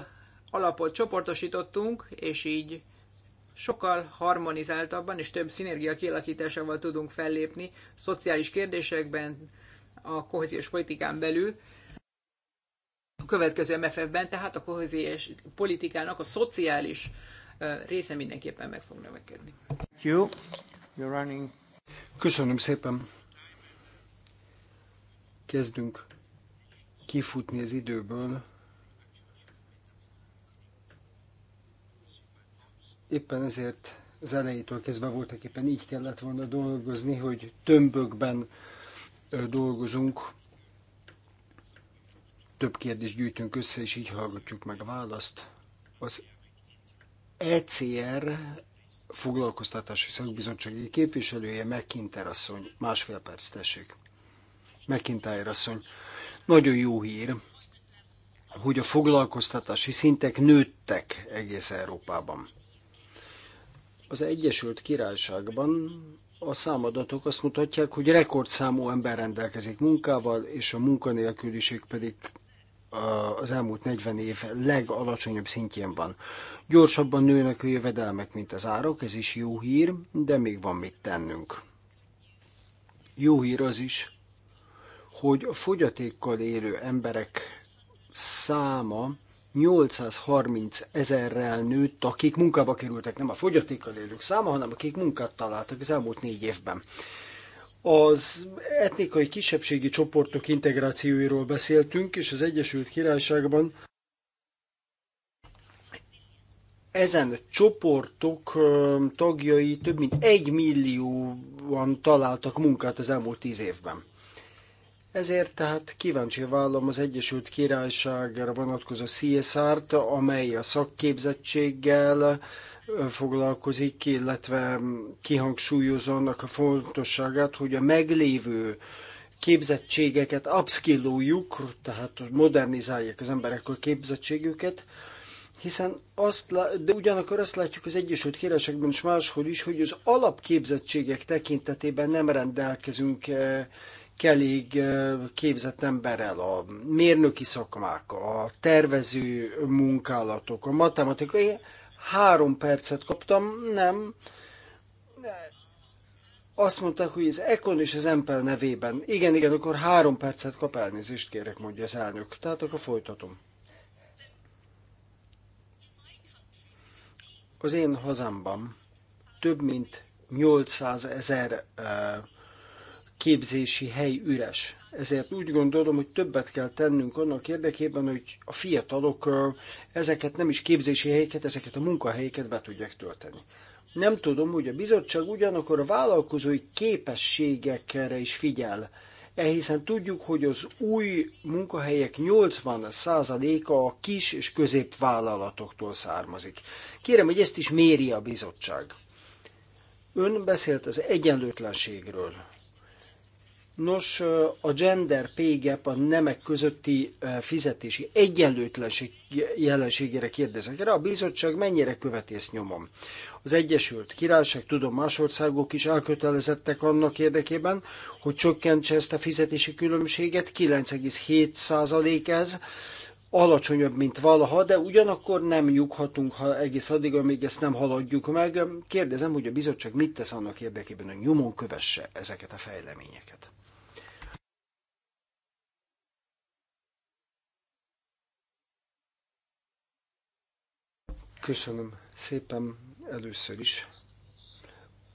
alapot csoportosítottunk, és így sokkal harmonizáltabban és több szinergia kialakításával tudunk fellépni szociális kérdésekben, a kohéziós politikán belül. A következő MFF-ben tehát a kohéziós politikának a szociális része mindenképpen meg fog növekedni. You're running. Köszönöm szépen. Kezdünk kifutni az időből. Éppen ezért az elejétől kezdve voltak éppen így kellett volna dolgozni, hogy tömbökben dolgozunk, több kérdést gyűjtünk össze, és így hallgatjuk meg a választ. Az ECR foglalkoztatási szakbizottsági képviselője, McIntyre asszony. Másfél perc, tessék. McIntyre asszony. Nagyon jó hír, hogy a foglalkoztatási szintek nőttek egész Európában. Az Egyesült Királyságban a számadatok azt mutatják, hogy rekordszámú ember rendelkezik munkával, és a munkanélküliség pedig az elmúlt 40 év legalacsonyabb szintjén van. Gyorsabban nőnek a jövedelmek, mint az árak, ez is jó hír, de még van mit tennünk. Jó hír az is, hogy a fogyatékkal élő emberek száma 830 ezerrel nőtt, akik munkába kerültek, nem a fogyatékkal élők száma, hanem akik munkát találtak az elmúlt négy évben. Az etnikai kisebbségi csoportok integrációiról beszéltünk, és az Egyesült Királyságban ezen csoportok tagjai több mint egy millióan találtak munkát az elmúlt tíz évben. Ezért tehát kíváncsi vállom az Egyesült Királyságra vonatkozó CSR-t, amely a szakképzettséggel, foglalkozik, illetve kihangsúlyozza annak a fontosságát, hogy a meglévő képzettségeket upskilloljuk, tehát modernizálják az emberek a képzettségüket, hiszen azt, de ugyanakkor azt látjuk az Egyesült Királyságban és máshol is, hogy az alapképzettségek tekintetében nem rendelkezünk eh, elég eh, képzett emberrel a mérnöki szakmák, a tervező munkálatok, a matematikai Három percet kaptam, nem. Azt mondták, hogy az Ekon és az Empel nevében. Igen, igen, akkor három percet kap elnézést, kérek, mondja az elnök. Tehát akkor folytatom. Az én hazámban több mint 800 ezer uh, képzési hely üres. Ezért úgy gondolom, hogy többet kell tennünk annak érdekében, hogy a fiatalok ezeket nem is képzési helyeket, ezeket a munkahelyeket be tudják tölteni. Nem tudom, hogy a bizottság ugyanakkor a vállalkozói képességekre is figyel. E tudjuk, hogy az új munkahelyek 80%-a a kis és középvállalatoktól származik. Kérem, hogy ezt is méri a bizottság. Ön beszélt az egyenlőtlenségről Nos, a gender pay gap, a nemek közötti fizetési egyenlőtlenség jelenségére kérdezek rá, a bizottság mennyire követi ezt nyomom. Az Egyesült Királyság, tudom, más országok is elkötelezettek annak érdekében, hogy csökkentse ezt a fizetési különbséget, 9,7% ez, alacsonyabb, mint valaha, de ugyanakkor nem nyughatunk ha egész addig, amíg ezt nem haladjuk meg. Kérdezem, hogy a bizottság mit tesz annak érdekében, hogy nyomon kövesse ezeket a fejleményeket. Köszönöm szépen először is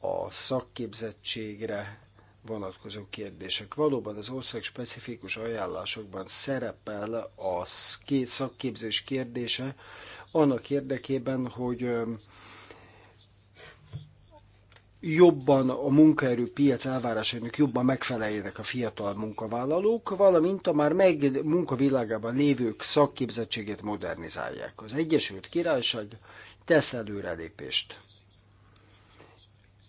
a szakképzettségre vonatkozó kérdések. Valóban az ország specifikus ajánlásokban szerepel a szakképzés kérdése annak érdekében, hogy jobban a munkaerőpiac elvárásainak jobban megfeleljenek a fiatal munkavállalók, valamint a már meg munkavilágában lévők szakképzettségét modernizálják. Az Egyesült Királyság tesz előrelépést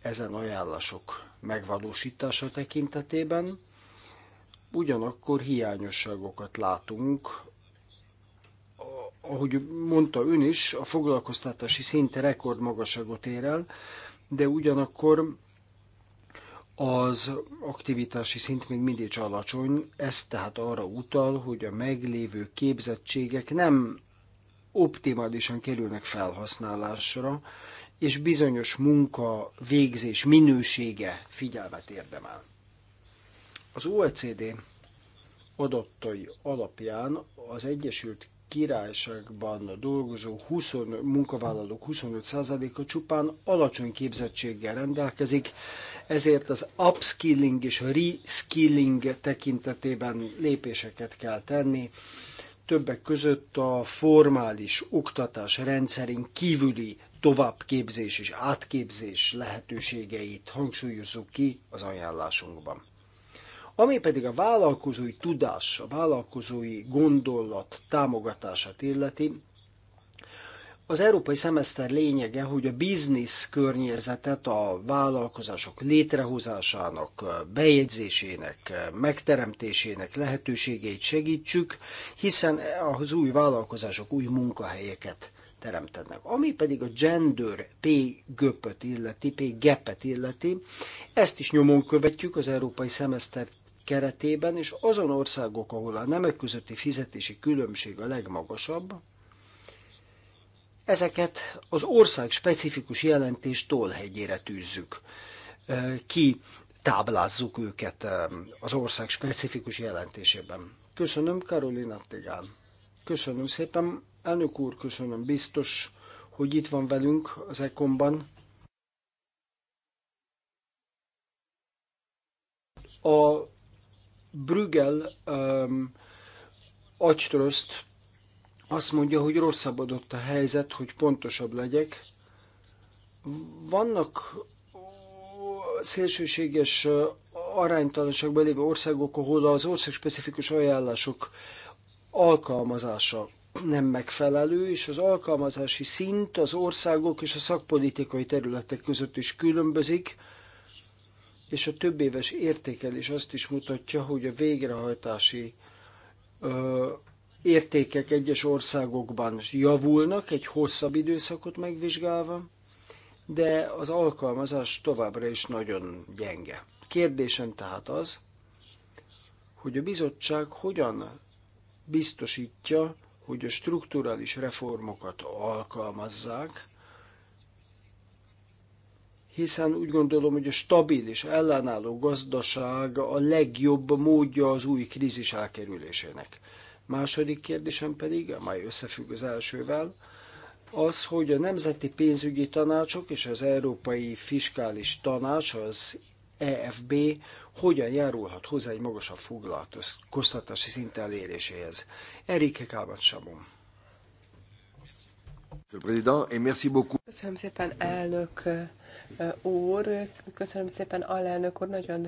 ezen ajánlások megvalósítása tekintetében, ugyanakkor hiányosságokat látunk, ahogy mondta ön is, a foglalkoztatási szinte rekordmagasságot ér el, de ugyanakkor az aktivitási szint még mindig alacsony, ez tehát arra utal, hogy a meglévő képzettségek nem optimálisan kerülnek felhasználásra, és bizonyos munka végzés minősége figyelmet érdemel. Az OECD adattai alapján az Egyesült Királyságban dolgozó 20 munkavállalók 25%-a csupán alacsony képzettséggel rendelkezik, ezért az upskilling és a reskilling tekintetében lépéseket kell tenni. Többek között a formális oktatás rendszerén kívüli továbbképzés és átképzés lehetőségeit hangsúlyozzuk ki az ajánlásunkban. Ami pedig a vállalkozói tudás, a vállalkozói gondolat támogatását illeti, az európai szemeszter lényege, hogy a biznisz környezetet a vállalkozások létrehozásának, bejegyzésének, megteremtésének lehetőségeit segítsük, hiszen az új vállalkozások új munkahelyeket teremtenek. Ami pedig a gender pay göpöt illeti, pay gepet illeti, ezt is nyomon követjük az európai szemeszter keretében, és azon országok, ahol a nemek közötti fizetési különbség a legmagasabb, ezeket az ország specifikus jelentés tollhegyére tűzzük ki, táblázzuk őket az ország specifikus jelentésében. Köszönöm, Karolina Tigán. Köszönöm szépen, elnök úr, köszönöm biztos, hogy itt van velünk az ecom A Brüggel um, agytrözt azt mondja, hogy rosszabbodott a helyzet, hogy pontosabb legyek. Vannak szélsőséges aránytalanság belévő országok, ahol az ország specifikus ajánlások alkalmazása nem megfelelő, és az alkalmazási szint az országok és a szakpolitikai területek között is különbözik és a több éves értékelés azt is mutatja, hogy a végrehajtási ö, értékek egyes országokban javulnak, egy hosszabb időszakot megvizsgálva, de az alkalmazás továbbra is nagyon gyenge. Kérdésem tehát az, hogy a bizottság hogyan biztosítja, hogy a strukturális reformokat alkalmazzák, hiszen úgy gondolom, hogy a stabil és ellenálló gazdaság a legjobb módja az új krízis elkerülésének. Második kérdésem pedig, amely összefügg az elsővel, az, hogy a Nemzeti Pénzügyi Tanácsok és az Európai Fiskális Tanács, az EFB, hogyan járulhat hozzá egy magasabb foglalkoztatási szint eléréséhez. Erike Kálbat Sabon. Köszönöm szépen, elnök úr, köszönöm szépen, alelnök úr, nagyon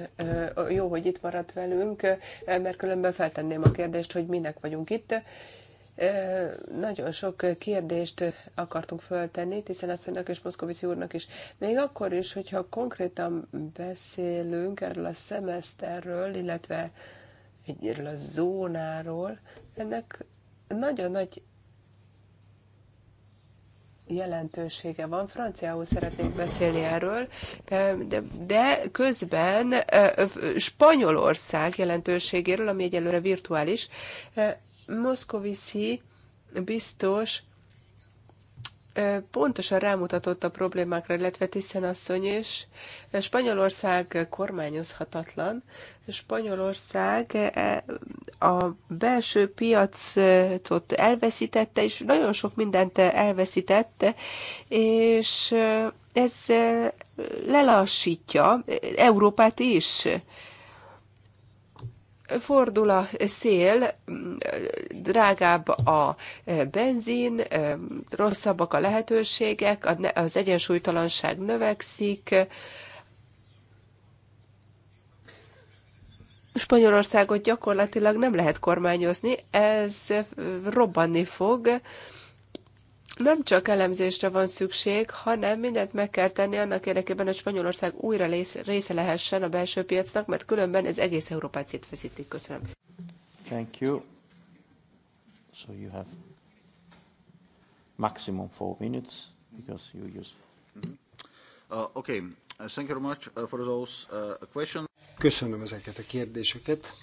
jó, hogy itt maradt velünk, mert különben feltenném a kérdést, hogy minek vagyunk itt. Nagyon sok kérdést akartunk föltenni, hiszen mondjuk, és Moszkovici úrnak is. Még akkor is, hogyha konkrétan beszélünk erről a szemeszterről, illetve egyről a zónáról, ennek nagyon nagy jelentősége van. Franciául szeretnék beszélni erről, de, de közben Spanyolország jelentőségéről, ami egyelőre virtuális, Moszkoviszi biztos pontosan rámutatott a problémákra, illetve Tiszen asszony is. Spanyolország kormányozhatatlan. Spanyolország e, a belső piacot elveszítette, és nagyon sok mindent elveszítette, és e, ez e, lelassítja Európát is fordul a szél, drágább a benzin, rosszabbak a lehetőségek, az egyensúlytalanság növekszik, Spanyolországot gyakorlatilag nem lehet kormányozni, ez robbanni fog, nem csak elemzésre van szükség, hanem mindent meg kell tenni annak érdekében, hogy Spanyolország újra része lehessen a belső piacnak, mert különben ez egész Európát szétfeszítik. Köszönöm. Thank you. So you have maximum four minutes because you use. Mm-hmm. Uh, okay. Uh, thank you very much uh, for those uh, questions. Köszönöm ezeket a kérdéseket.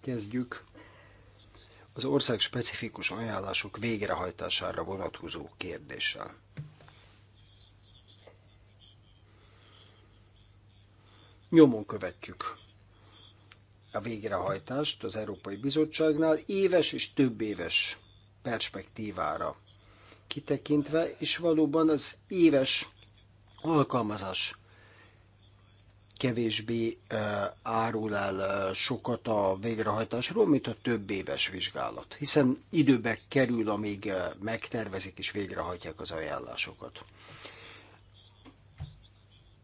Kezdjük az ország specifikus ajánlások végrehajtására vonatkozó kérdéssel. Nyomon követjük a végrehajtást az Európai Bizottságnál éves és több éves perspektívára kitekintve, és valóban az éves alkalmazás kevésbé árul el sokat a végrehajtásról, mint a több éves vizsgálat, hiszen időbe kerül, amíg megtervezik és végrehajtják az ajánlásokat.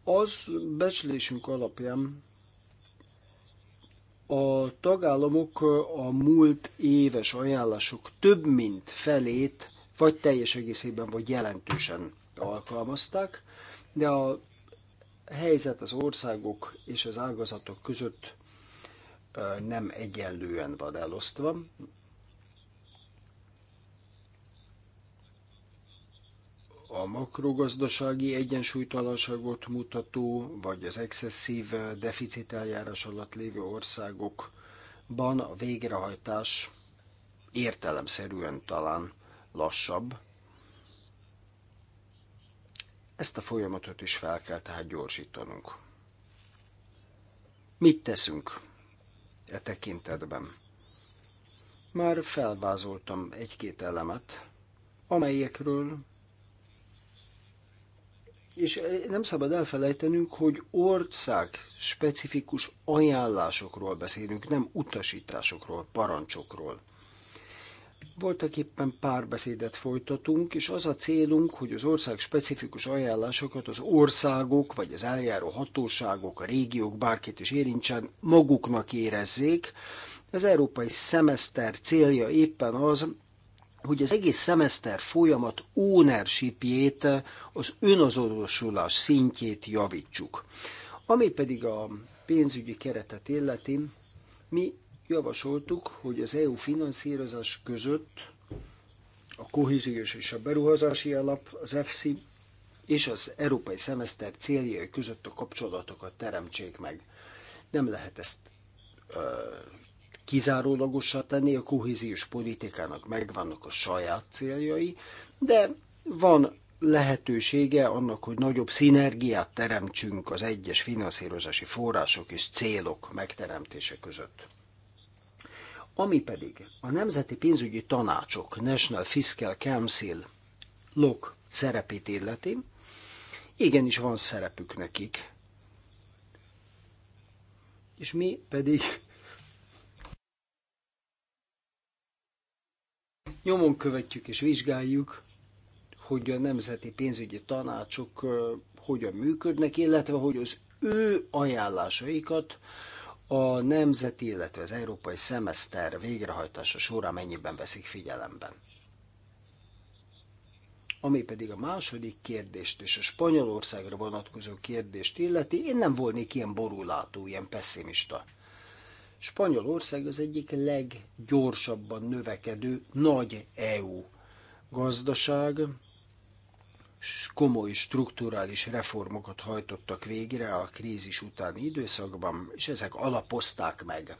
Az becslésünk alapján a tagállamok a múlt éves ajánlások több mint felét vagy teljes egészében, vagy jelentősen alkalmazták, de a helyzet az országok és az ágazatok között nem egyenlően van elosztva. A makrogazdasági egyensúlytalanságot mutató, vagy az excesszív deficit eljárás alatt lévő országokban a végrehajtás értelemszerűen talán lassabb, ezt a folyamatot is fel kell tehát gyorsítanunk. Mit teszünk e tekintetben? Már felvázoltam egy-két elemet, amelyekről és nem szabad elfelejtenünk, hogy ország specifikus ajánlásokról beszélünk, nem utasításokról, parancsokról. Voltak éppen párbeszédet folytatunk, és az a célunk, hogy az ország specifikus ajánlásokat az országok, vagy az eljáró hatóságok, a régiók, bárkit is érintsen, maguknak érezzék. Az európai szemeszter célja éppen az, hogy az egész szemeszter folyamat ownershipjét, az önazonosulás szintjét javítsuk. Ami pedig a pénzügyi keretet illeti, mi javasoltuk, hogy az EU finanszírozás között a kohéziós és a beruházási alap, az EFSI és az európai szemeszter céljai között a kapcsolatokat teremtsék meg. Nem lehet ezt ö, kizárólagossá tenni, a kohéziós politikának megvannak a saját céljai, de van lehetősége annak, hogy nagyobb szinergiát teremtsünk az egyes finanszírozási források és célok megteremtése között. Ami pedig a Nemzeti Pénzügyi Tanácsok, National Fiscal Council, LOC szerepét illeti, igenis van szerepük nekik. És mi pedig nyomon követjük és vizsgáljuk, hogy a nemzeti pénzügyi tanácsok hogyan működnek, illetve hogy az ő ajánlásaikat a nemzeti, illetve az európai szemeszter végrehajtása során mennyiben veszik figyelembe. Ami pedig a második kérdést és a Spanyolországra vonatkozó kérdést illeti, én nem volnék ilyen borulátó, ilyen pessimista. Spanyolország az egyik leggyorsabban növekedő nagy EU gazdaság, komoly strukturális reformokat hajtottak végre a krízis utáni időszakban, és ezek alapozták meg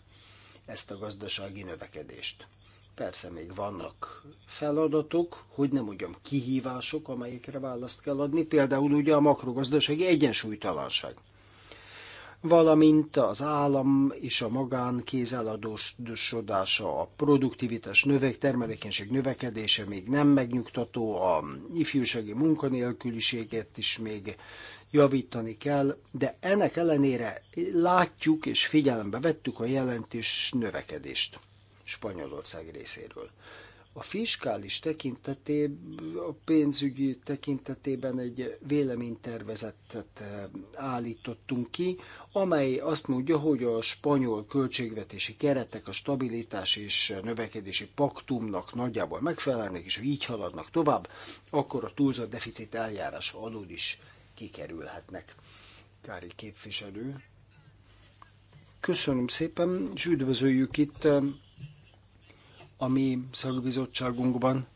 ezt a gazdasági növekedést. Persze még vannak feladatok, hogy nem mondjam kihívások, amelyekre választ kell adni, például ugye a makrogazdasági egyensúlytalanság valamint az állam és a magán kézeladósodása, a produktivitás növek, termelékenység növekedése még nem megnyugtató, a ifjúsági munkanélküliséget is még javítani kell, de ennek ellenére látjuk és figyelembe vettük a jelentés növekedést Spanyolország részéről a fiskális tekintetében, a pénzügyi tekintetében egy véleménytervezetet eh, állítottunk ki, amely azt mondja, hogy a spanyol költségvetési keretek a stabilitás és növekedési paktumnak nagyjából megfelelnek, és ha így haladnak tovább, akkor a túlzott deficit eljárás alól is kikerülhetnek. Kári képviselő. Köszönöm szépen, és üdvözöljük itt eh, a mi szakbizottságunkban,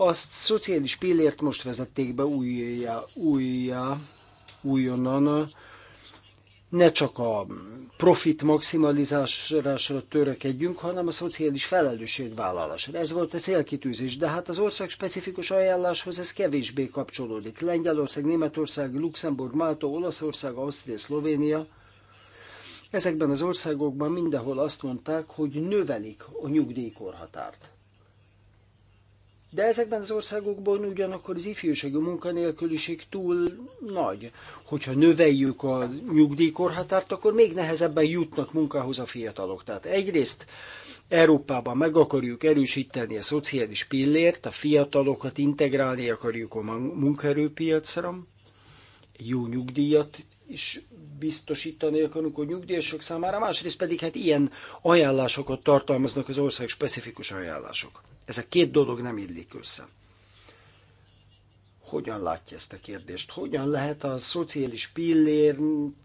Azt szociális pillért most vezették be újjá, újjá, újonnan. Ne csak a profit maximalizálásra törekedjünk, hanem a szociális vállalására. Ez volt a célkitűzés, de hát az ország specifikus ajánláshoz ez kevésbé kapcsolódik. Lengyelország, Németország, Luxemburg, Málta, Olaszország, Ausztria, Szlovénia – Ezekben az országokban mindenhol azt mondták, hogy növelik a nyugdíjkorhatárt. De ezekben az országokban ugyanakkor az ifjúsági munkanélküliség túl nagy. Hogyha növeljük a nyugdíjkorhatárt, akkor még nehezebben jutnak munkához a fiatalok. Tehát egyrészt Európában meg akarjuk erősíteni a szociális pillért, a fiatalokat integrálni akarjuk a munkaerőpiacra, jó nyugdíjat is biztosítani akarunk a nyugdíjasok számára, másrészt pedig hát ilyen ajánlásokat tartalmaznak az ország specifikus ajánlások. Ez a két dolog nem illik össze. Hogyan látja ezt a kérdést? Hogyan lehet a szociális pillért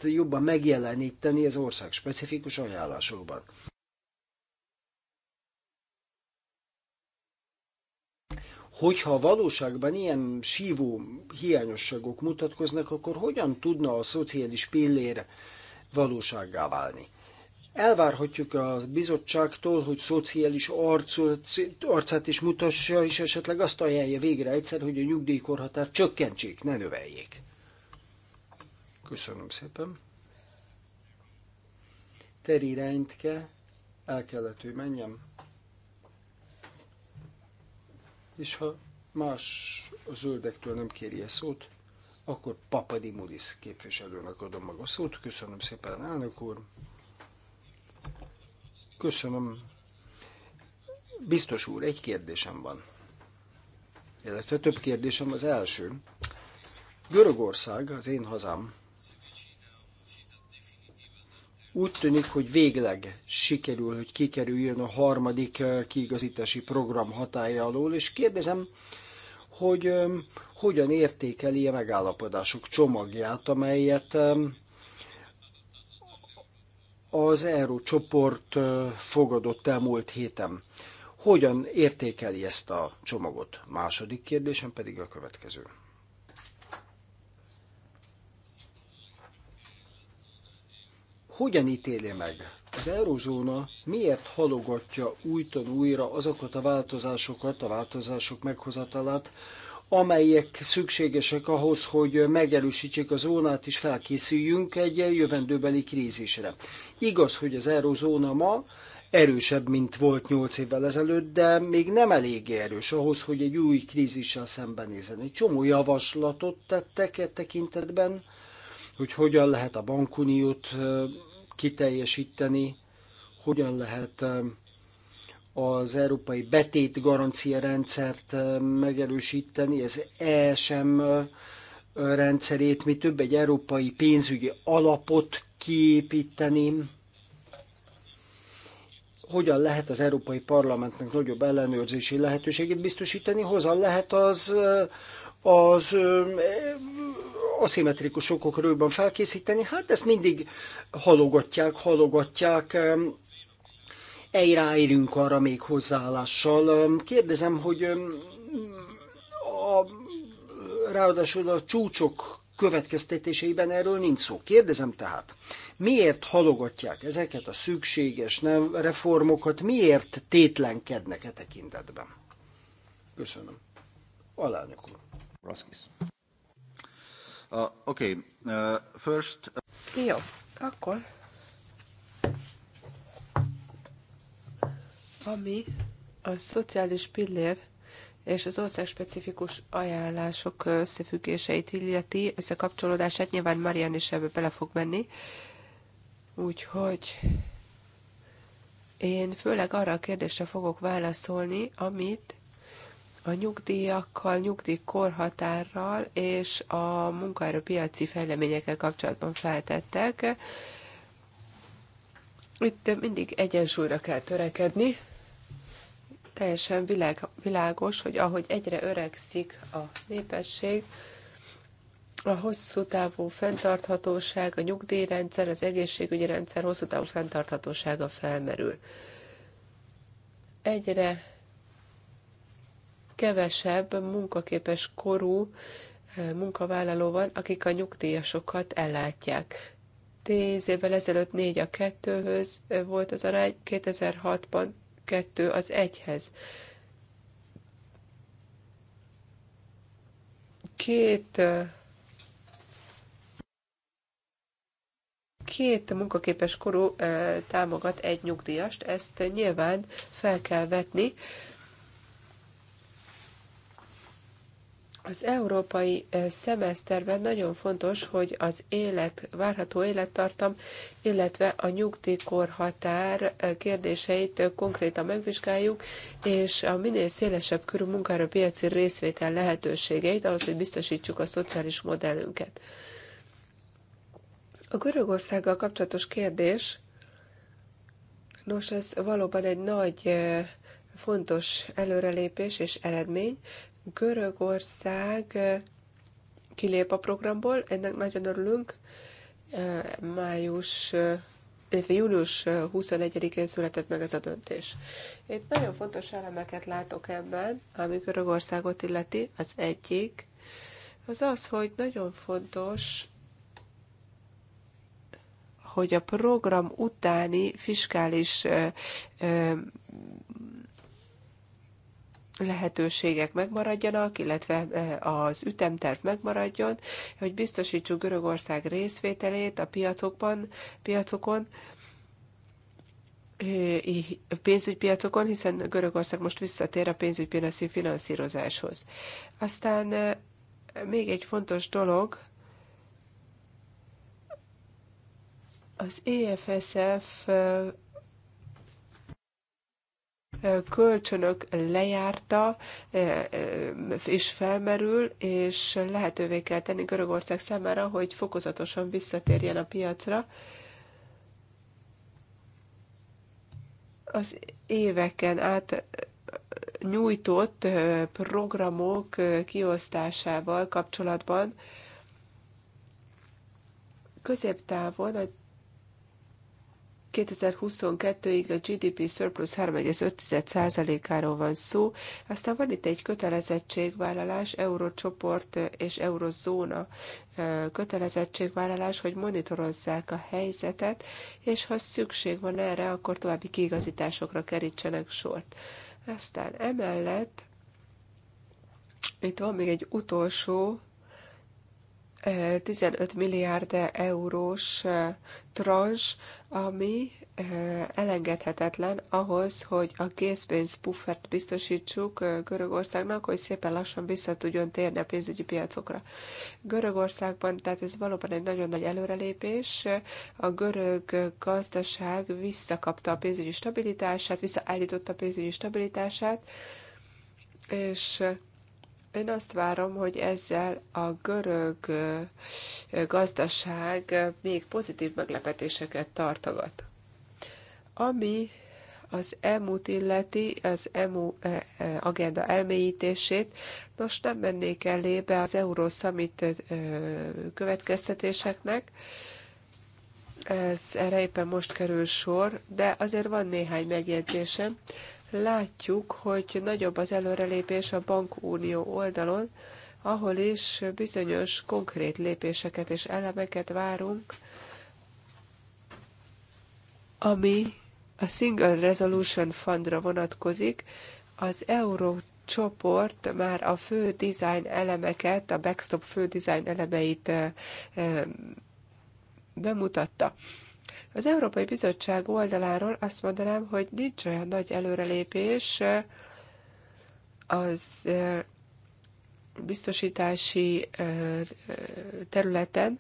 jobban megjeleníteni az ország specifikus ajánlásokban? Hogyha a valóságban ilyen sívó hiányosságok mutatkoznak, akkor hogyan tudna a szociális pillér valósággá válni? Elvárhatjuk a bizottságtól, hogy szociális arcot, arcát is mutassa, és esetleg azt ajánlja végre egyszer, hogy a nyugdíjkorhatár csökkentsék, ne növeljék. Köszönöm szépen. Teri Reintke, el kellett, hogy menjem és ha más a zöldektől nem kéri a e szót, akkor papadi modis képviselőnek adom meg a szót. Köszönöm szépen, elnök úr. Köszönöm. Biztos úr, egy kérdésem van. Illetve több kérdésem az első. Görögország, az én hazám, úgy tűnik, hogy végleg sikerül, hogy kikerüljön a harmadik kiigazítási program hatája alól, és kérdezem, hogy um, hogyan értékeli a megállapodások csomagját, amelyet um, az Euró csoport uh, fogadott el múlt héten. Hogyan értékeli ezt a csomagot? Második kérdésem pedig a következő. hogyan ítéli meg? Az eurozóna miért halogatja újton újra azokat a változásokat, a változások meghozatalát, amelyek szükségesek ahhoz, hogy megerősítsék a zónát és felkészüljünk egy jövendőbeli krízisre. Igaz, hogy az eurozóna ma erősebb, mint volt 8 évvel ezelőtt, de még nem elég erős ahhoz, hogy egy új krízissel szembenézzen. Egy csomó javaslatot tettek e tekintetben, hogy hogyan lehet a bankuniót kiteljesíteni, hogyan lehet az európai betét garancia rendszert megerősíteni, az ESM rendszerét, mi több egy európai pénzügyi alapot kiépíteni, hogyan lehet az Európai Parlamentnek nagyobb ellenőrzési lehetőségét biztosítani, hozzá lehet az, az aszimmetrikus okokról jobban felkészíteni, hát ezt mindig halogatják, halogatják, ráérünk arra még hozzáállással. Kérdezem, hogy a, ráadásul a csúcsok következtetéseiben erről nincs szó. Kérdezem tehát, miért halogatják ezeket a szükséges nem, reformokat, miért tétlenkednek e tekintetben? Köszönöm. Alelnök úr. Uh, okay, uh, first... Jó, akkor... Ami a szociális pillér és az ország specifikus ajánlások összefüggéseit illeti, összekapcsolódását nyilván Marian is ebbe bele fog menni. Úgyhogy én főleg arra a kérdésre fogok válaszolni, amit a nyugdíjakkal, nyugdíjkorhatárral és a munkaerőpiaci fejleményekkel kapcsolatban feltettek. Itt mindig egyensúlyra kell törekedni. Teljesen világ, világos, hogy ahogy egyre öregszik a népesség, a hosszú távú fenntarthatóság, a nyugdíjrendszer, az egészségügyi rendszer hosszú távú fenntarthatósága felmerül. Egyre kevesebb munkaképes korú munkavállaló van, akik a nyugdíjasokat ellátják. Tíz évvel ezelőtt négy a kettőhöz volt az arány, 2006-ban kettő az egyhez. Két két munkaképes korú támogat egy nyugdíjast, ezt nyilván fel kell vetni, Az európai szemeszterben nagyon fontos, hogy az élet, várható élettartam, illetve a nyugdíjkorhatár kérdéseit konkrétan megvizsgáljuk, és a minél szélesebb körű munkára piaci részvétel lehetőségeit, ahhoz, hogy biztosítsuk a szociális modellünket. A Görögországgal kapcsolatos kérdés, nos, ez valóban egy nagy fontos előrelépés és eredmény. Görögország kilép a programból, ennek nagyon örülünk. Május, illetve július 21-én született meg ez a döntés. Itt nagyon fontos elemeket látok ebben, ami Görögországot illeti. Az egyik, az az, hogy nagyon fontos, hogy a program utáni fiskális lehetőségek megmaradjanak, illetve e, az ütemterv megmaradjon, hogy biztosítsuk Görögország részvételét a piacokban, piacokon, pénzügypiacokon, hiszen Görögország most visszatér a pénzügypiaci finanszírozáshoz. Aztán e, még egy fontos dolog, az EFSF kölcsönök lejárta és felmerül, és lehetővé kell tenni Görögország számára, hogy fokozatosan visszatérjen a piacra. Az éveken át nyújtott programok kiosztásával kapcsolatban középtávon a 2022-ig a GDP surplus 3,5%-áról van szó, aztán van itt egy kötelezettségvállalás, eurocsoport és eurozóna kötelezettségvállalás, hogy monitorozzák a helyzetet, és ha szükség van erre, akkor további kiigazításokra kerítsenek sort. Aztán emellett itt van még egy utolsó 15 milliárd eurós transz, ami elengedhetetlen ahhoz, hogy a készpénz puffert biztosítsuk Görögországnak, hogy szépen lassan vissza tudjon térni a pénzügyi piacokra. Görögországban, tehát ez valóban egy nagyon nagy előrelépés, a görög gazdaság visszakapta a pénzügyi stabilitását, visszaállította a pénzügyi stabilitását, és én azt várom, hogy ezzel a görög gazdaság még pozitív meglepetéseket tartogat. Ami az EMU-t illeti, az EMU agenda elmélyítését. Nos, nem mennék elébe az Euró Summit következtetéseknek, ez erre éppen most kerül sor, de azért van néhány megjegyzésem látjuk, hogy nagyobb az előrelépés a bankunió oldalon, ahol is bizonyos konkrét lépéseket és elemeket várunk, ami a Single Resolution Fundra vonatkozik. Az euró csoport már a fő design elemeket, a backstop fő design elemeit bemutatta. Az Európai Bizottság oldaláról azt mondanám, hogy nincs olyan nagy előrelépés az biztosítási területen.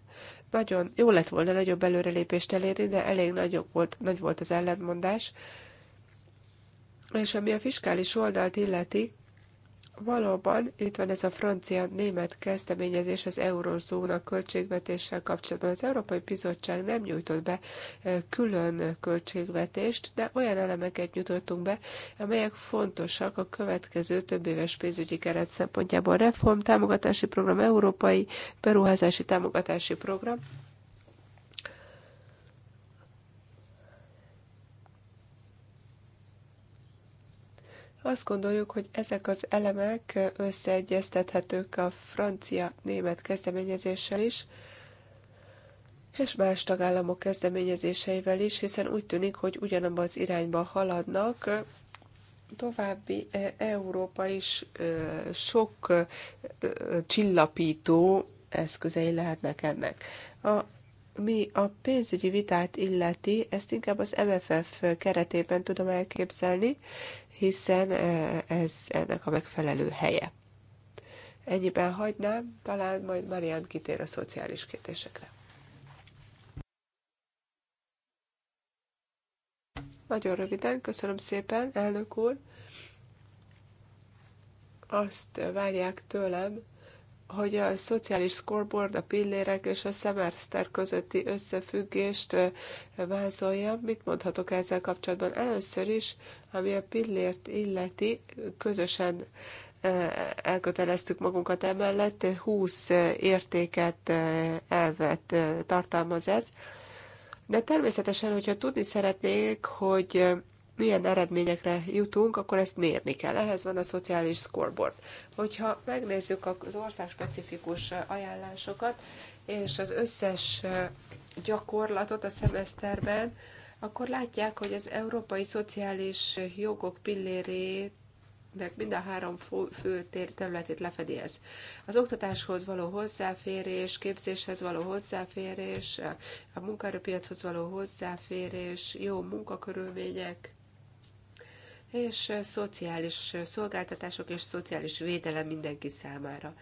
Nagyon jó lett volna nagyobb előrelépést elérni, de elég nagy volt, nagy volt az ellentmondás. És ami a fiskális oldalt illeti, valóban itt van ez a francia-német kezdeményezés az eurozóna költségvetéssel kapcsolatban. Az Európai Bizottság nem nyújtott be külön költségvetést, de olyan elemeket nyújtottunk be, amelyek fontosak a következő több éves pénzügyi keret szempontjából. Reform, támogatási program, európai beruházási támogatási program, Azt gondoljuk, hogy ezek az elemek összeegyeztethetők a francia-német kezdeményezéssel is, és más tagállamok kezdeményezéseivel is, hiszen úgy tűnik, hogy ugyanabban az irányba haladnak, további e, Európa is e, sok e, csillapító eszközei lehetnek ennek. A mi a pénzügyi vitát illeti, ezt inkább az MFF keretében tudom elképzelni, hiszen e, ez ennek a megfelelő helye. Ennyiben hagynám, talán majd Marian kitér a szociális kérdésekre. Nagyon röviden, köszönöm szépen, elnök úr. Azt várják tőlem, hogy a szociális scoreboard, a pillérek és a szemeszter közötti összefüggést vázolja. Mit mondhatok ezzel kapcsolatban? Először is, ami a pillért illeti, közösen elköteleztük magunkat emellett, 20 értéket, elvet tartalmaz ez. De természetesen, hogyha tudni szeretnék, hogy milyen eredményekre jutunk, akkor ezt mérni kell. Ehhez van a szociális scoreboard. Hogyha megnézzük az országspecifikus ajánlásokat, és az összes gyakorlatot a szemeszterben, akkor látják, hogy az európai szociális jogok pillérét meg mind a három fő területét lefedi ez. Az oktatáshoz való hozzáférés, képzéshez való hozzáférés, a munkaerőpiachoz való hozzáférés, jó munkakörülmények, és szociális szolgáltatások és szociális védelem mindenki számára.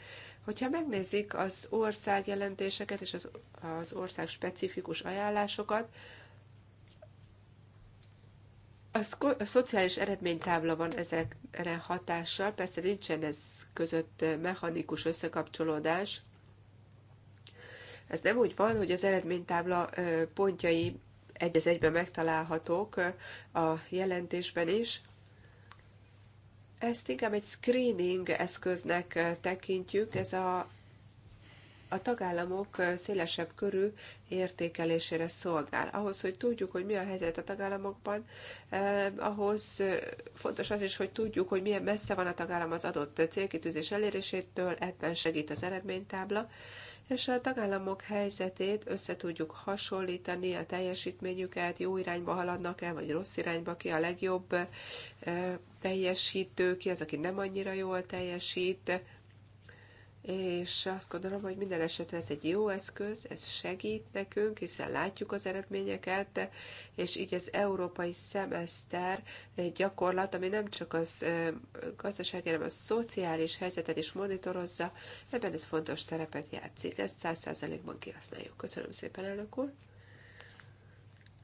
Hogyha megnézik az ország jelentéseket és az, az ország specifikus ajánlásokat, a, szko- a szociális eredménytábla van ezekre hatással, persze nincsen ez között mechanikus összekapcsolódás. Ez nem úgy van, hogy az eredménytábla pontjai egy egyben megtalálhatók a jelentésben is, ezt inkább egy screening eszköznek tekintjük, ez a, a tagállamok szélesebb körű értékelésére szolgál. Ahhoz, hogy tudjuk, hogy mi a helyzet a tagállamokban, eh, ahhoz fontos az is, hogy tudjuk, hogy milyen messze van a tagállam az adott célkitűzés elérésétől, ebben segít az eredménytábla. Eh, és a tagállamok helyzetét össze tudjuk hasonlítani, a teljesítményüket, jó irányba haladnak el, vagy rossz irányba, ki a legjobb eh, teljesítő, ki az, aki nem annyira jól teljesít, és azt gondolom, hogy minden esetre ez egy jó eszköz, ez segít nekünk, hiszen látjuk az eredményeket, és így az európai szemeszter egy gyakorlat, ami nem csak az gazdasági, hanem a szociális helyzetet is monitorozza, ebben ez fontos szerepet játszik. Ezt száz százalékban kihasználjuk. Köszönöm szépen, elnök úr!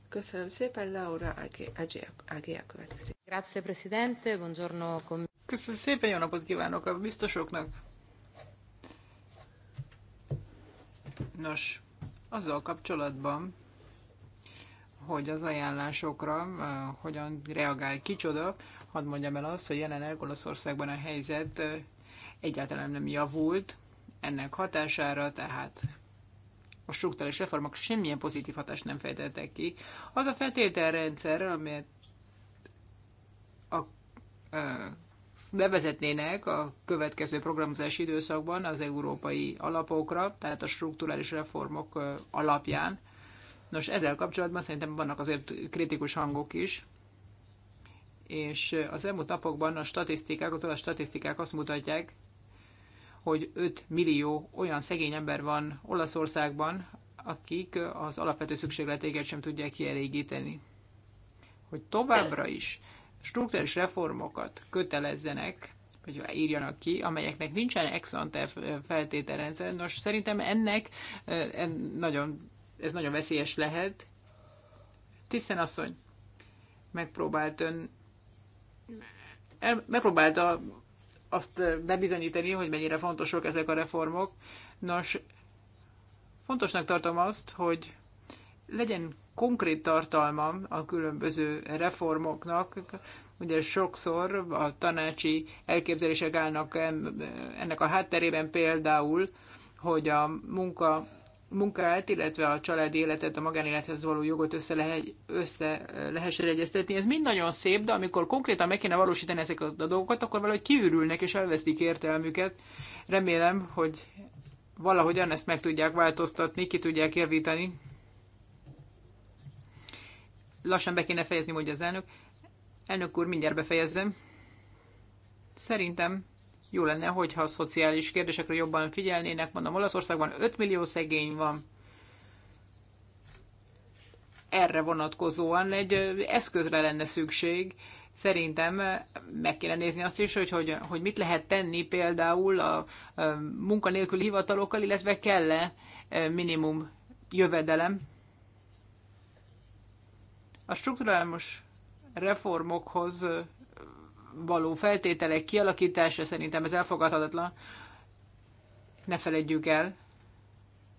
Köszönöm szépen, Laura Ágia következik. Grazie, Presidente, buongiorno. Köszönöm szépen, jó napot kívánok a biztosoknak! Nos, azzal kapcsolatban, hogy az ajánlásokra uh, hogyan reagál kicsoda, hadd mondjam el azt, hogy jelenleg Olaszországban a helyzet uh, egyáltalán nem javult ennek hatására, tehát a struktúrális reformok semmilyen pozitív hatást nem fejtettek ki. Az a feltételrendszer, amelyet a uh, bevezetnének a következő programozási időszakban az európai alapokra, tehát a strukturális reformok alapján. Nos, ezzel kapcsolatban szerintem vannak azért kritikus hangok is, és az elmúlt napokban a statisztikák, az a statisztikák azt mutatják, hogy 5 millió olyan szegény ember van Olaszországban, akik az alapvető szükségleteiket sem tudják kielégíteni. Hogy továbbra is struktúrális reformokat kötelezzenek, vagy írjanak ki, amelyeknek nincsen ex ante feltételrendszer. Nos, szerintem ennek en nagyon, ez nagyon veszélyes lehet. Tisztán asszony, megpróbált ön, el, megpróbálta azt bebizonyítani, hogy mennyire fontosak ezek a reformok. Nos, fontosnak tartom azt, hogy legyen konkrét tartalma a különböző reformoknak, ugye sokszor a tanácsi elképzelések állnak ennek a hátterében például, hogy a munka munkát, illetve a családi életet, a magánélethez való jogot össze, lehe, össze lehessen egyeztetni. Ez mind nagyon szép, de amikor konkrétan meg kéne valósítani ezeket a dolgokat, akkor valahogy kiürülnek és elvesztik értelmüket. Remélem, hogy valahogyan ezt meg tudják változtatni, ki tudják javítani. Lassan be kéne fejezni, mondja az elnök. Elnök úr, mindjárt befejezzem. Szerintem jó lenne, hogyha a szociális kérdésekre jobban figyelnének. Mondom, Olaszországban 5 millió szegény van. Erre vonatkozóan egy eszközre lenne szükség. Szerintem meg kéne nézni azt is, hogy, hogy, hogy mit lehet tenni például a, a munkanélküli hivatalokkal, illetve kell-e minimum jövedelem a strukturális reformokhoz való feltételek kialakítása szerintem ez elfogadhatatlan. Ne feledjük el,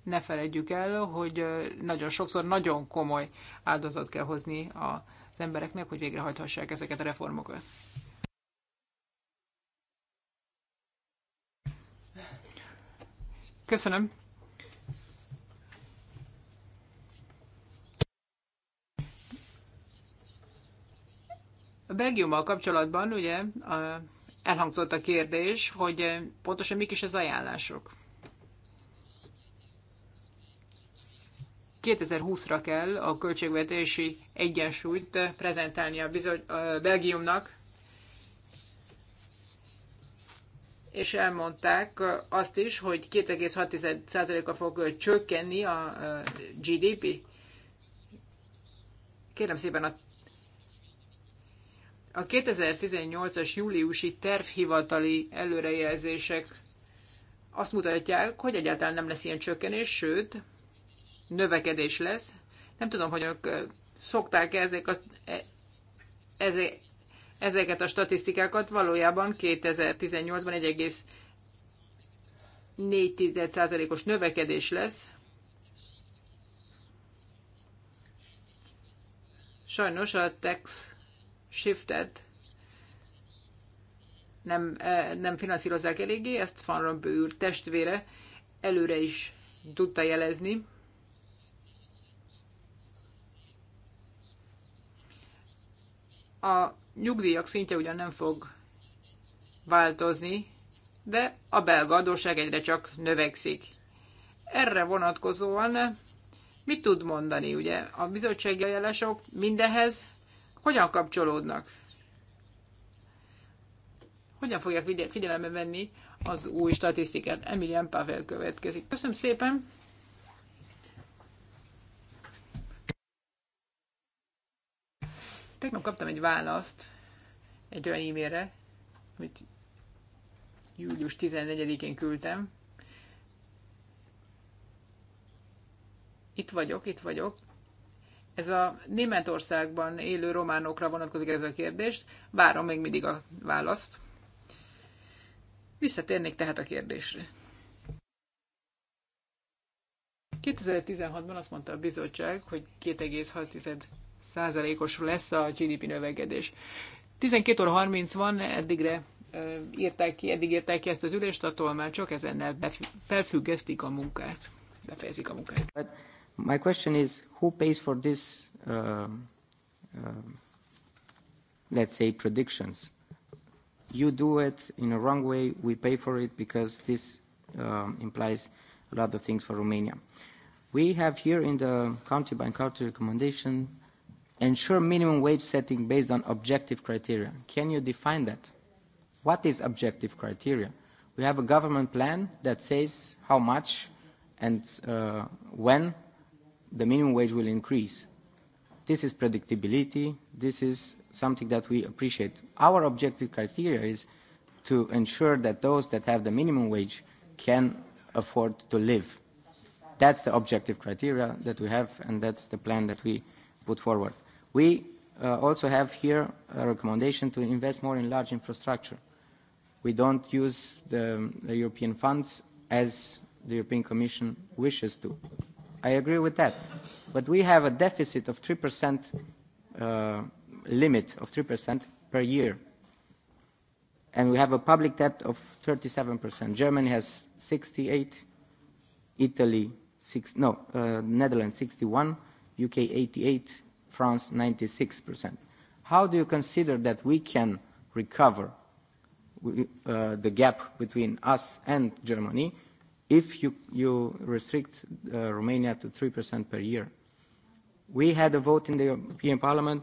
ne feledjük el, hogy nagyon sokszor nagyon komoly áldozat kell hozni az embereknek, hogy végrehajthassák ezeket a reformokat. Köszönöm. A Belgiummal kapcsolatban ugye elhangzott a kérdés, hogy eh, pontosan mik is az ajánlások. 2020-ra kell a költségvetési egyensúlyt eh, prezentálni a, bizony, a Belgiumnak, és elmondták eh, azt is, hogy 2,6%-a fog csökkenni a GDP. Kérem szépen a a 2018-as júliusi tervhivatali előrejelzések azt mutatják, hogy egyáltalán nem lesz ilyen csökkenés, sőt, növekedés lesz. Nem tudom, hogy önök szokták ezek a, e, ezeket a statisztikákat, valójában 2018-ban 1,4%-os növekedés lesz. Sajnos a tax Shifted nem, e, nem finanszírozzák eléggé, ezt Van Rompuy úr testvére előre is tudta jelezni. A nyugdíjak szintje ugyan nem fog változni, de a belga adóság egyre csak növekszik. Erre vonatkozóan mit tud mondani, ugye? A bizottsági ajánlások mindehez hogyan kapcsolódnak? Hogyan fogják figyelembe venni az új statisztikát? Emilian Pavel következik. Köszönöm szépen! Tegnap kaptam egy választ egy olyan e-mailre, amit július 14-én küldtem. Itt vagyok, itt vagyok. Ez a Németországban élő románokra vonatkozik ez a kérdést. Várom még mindig a választ. Visszatérnék tehát a kérdésre. 2016-ban azt mondta a bizottság, hogy 2,6%-os lesz a GDP növekedés. 12 óra 30 van, eddigre írták ki, eddig írták ki ezt az ülést, már csak ezennel felfüggesztik a munkát. Befejezik a munkát. My question is, who pays for this, uh, uh, let's say, predictions? You do it in a wrong way, we pay for it because this um, implies a lot of things for Romania. We have here in the country by country recommendation ensure minimum wage setting based on objective criteria. Can you define that? What is objective criteria? We have a government plan that says how much and uh, when the minimum wage will increase. This is predictability. This is something that we appreciate. Our objective criteria is to ensure that those that have the minimum wage can afford to live. That's the objective criteria that we have, and that's the plan that we put forward. We uh, also have here a recommendation to invest more in large infrastructure. We don't use the, the European funds as the European Commission wishes to. I agree with that. But we have a deficit of 3% uh, limit of 3% per year. And we have a public debt of 37%. Germany has 68, Italy six, no, uh, Netherlands 61, UK 88, France 96%. How do you consider that we can recover uh, the gap between us and Germany if you, you restrict uh, Romania to 3% per year. We had a vote in the European Parliament,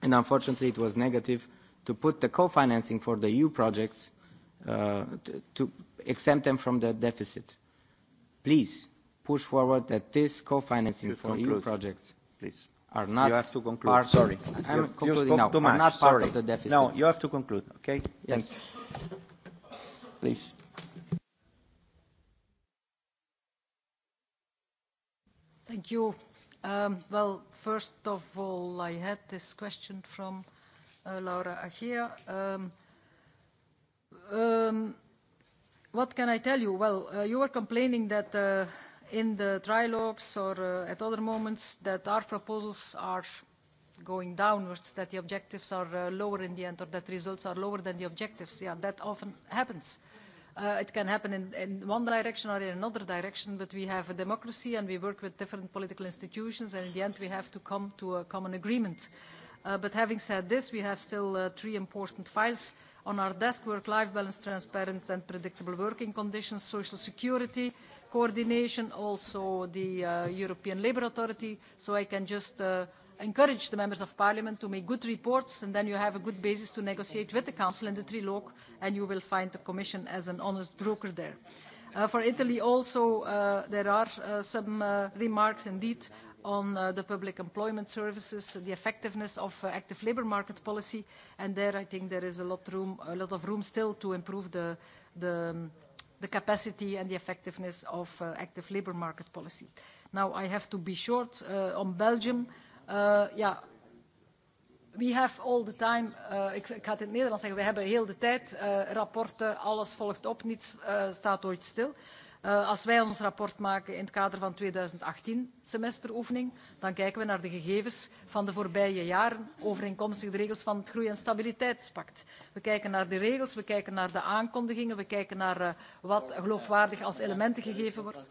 and unfortunately it was negative, to put the co-financing for the EU projects uh, to, to exempt them from the deficit. Please push forward that this co-financing for e conclude. EU projects Please. are not you have to conclude. part. Sorry, I'm you, concluding now. Are not part Sorry. of the deficit. No, you have to conclude. Okay. Yes. Please. Thank you. Um, well, first of all, I had this question from uh, Laura Agea. Um, um, what can I tell you? Well, uh, you were complaining that uh, in the trilogues or uh, at other moments that our proposals are going downwards, that the objectives are uh, lower in the end or that results are lower than the objectives. Yeah, that often happens. Uh, it can happen in, in one direction or in another direction, but we have a democracy and we work with different political institutions, and in the end, we have to come to a common agreement. Uh, but having said this, we have still uh, three important files on our desk, work-life balance, transparent and predictable working conditions, social security, coordination, also the uh, European Labour Authority. So I can just uh, encourage the members of parliament to make good reports and then you have a good basis to negotiate with the council in the trilogue and you will find the commission as an honest broker there. Uh, for Italy also uh, there are uh, some remarks indeed on uh, the public employment services, the effectiveness of uh, active labour market policy and there I think there is a lot, room, a lot of room still to improve the, the, um, the capacity and the effectiveness of uh, active labour market policy. Now I have to be short uh, on Belgium. Uh, Eh, we have all the time, eh, ik, ga het in het Nederlands zeggen, we hebben heel de tijd eh, rapporten, alles volgt op, niets staat ooit stil. als wij ons rapport maken in het kader van de tweeduizendachttien semesteroefening, dan kijken we naar de gegevens van de voorbije jaren overeenkomstig de regels van het Groei- en Stabiliteitspact. We kijken naar de regels, we kijken naar de aankondigingen, we kijken naar wat geloofwaardig als elementen gegeven wordt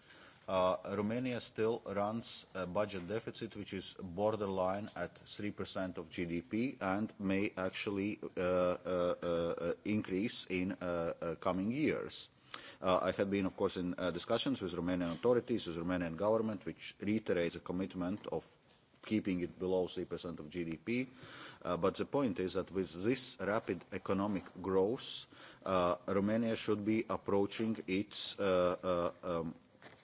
Uh, Romania still runs a budget deficit which is borderline at 3% of GDP and may actually uh, uh, uh increase in uh, uh, coming years. I have been, of course, in discussions with Romanian authorities, with Romanian government, which reiterates a commitment of keeping it below 3% of GDP. but the point is that with this rapid economic growth, Romania should be approaching its um,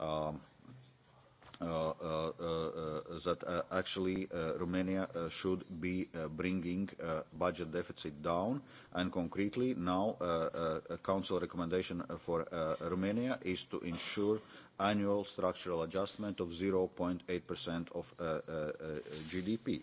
um, Uh, uh, uh, that actually Romania should be uh, bringing uh, budget deficit down. And concretely, now uh, a council recommendation for Romania is to ensure annual structural adjustment of 0.8% of GDP.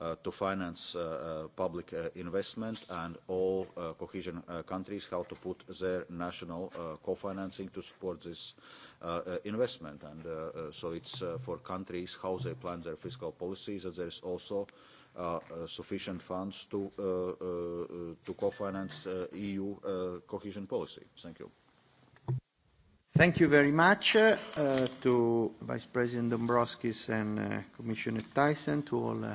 uh, to finance uh, uh, public uh, investment and all uh, cohesion uh, countries how to put their national uh, co-financing to support this uh, uh, investment. And uh, uh, so it's uh, for countries how they plan their fiscal policies there there's also uh, uh, sufficient funds to, uh, uh, to co-finance uh, EU uh, cohesion policy. Thank you. Thank you very much uh, to Vice President Dombrovskis and uh, Commissioner Tyson, to all uh,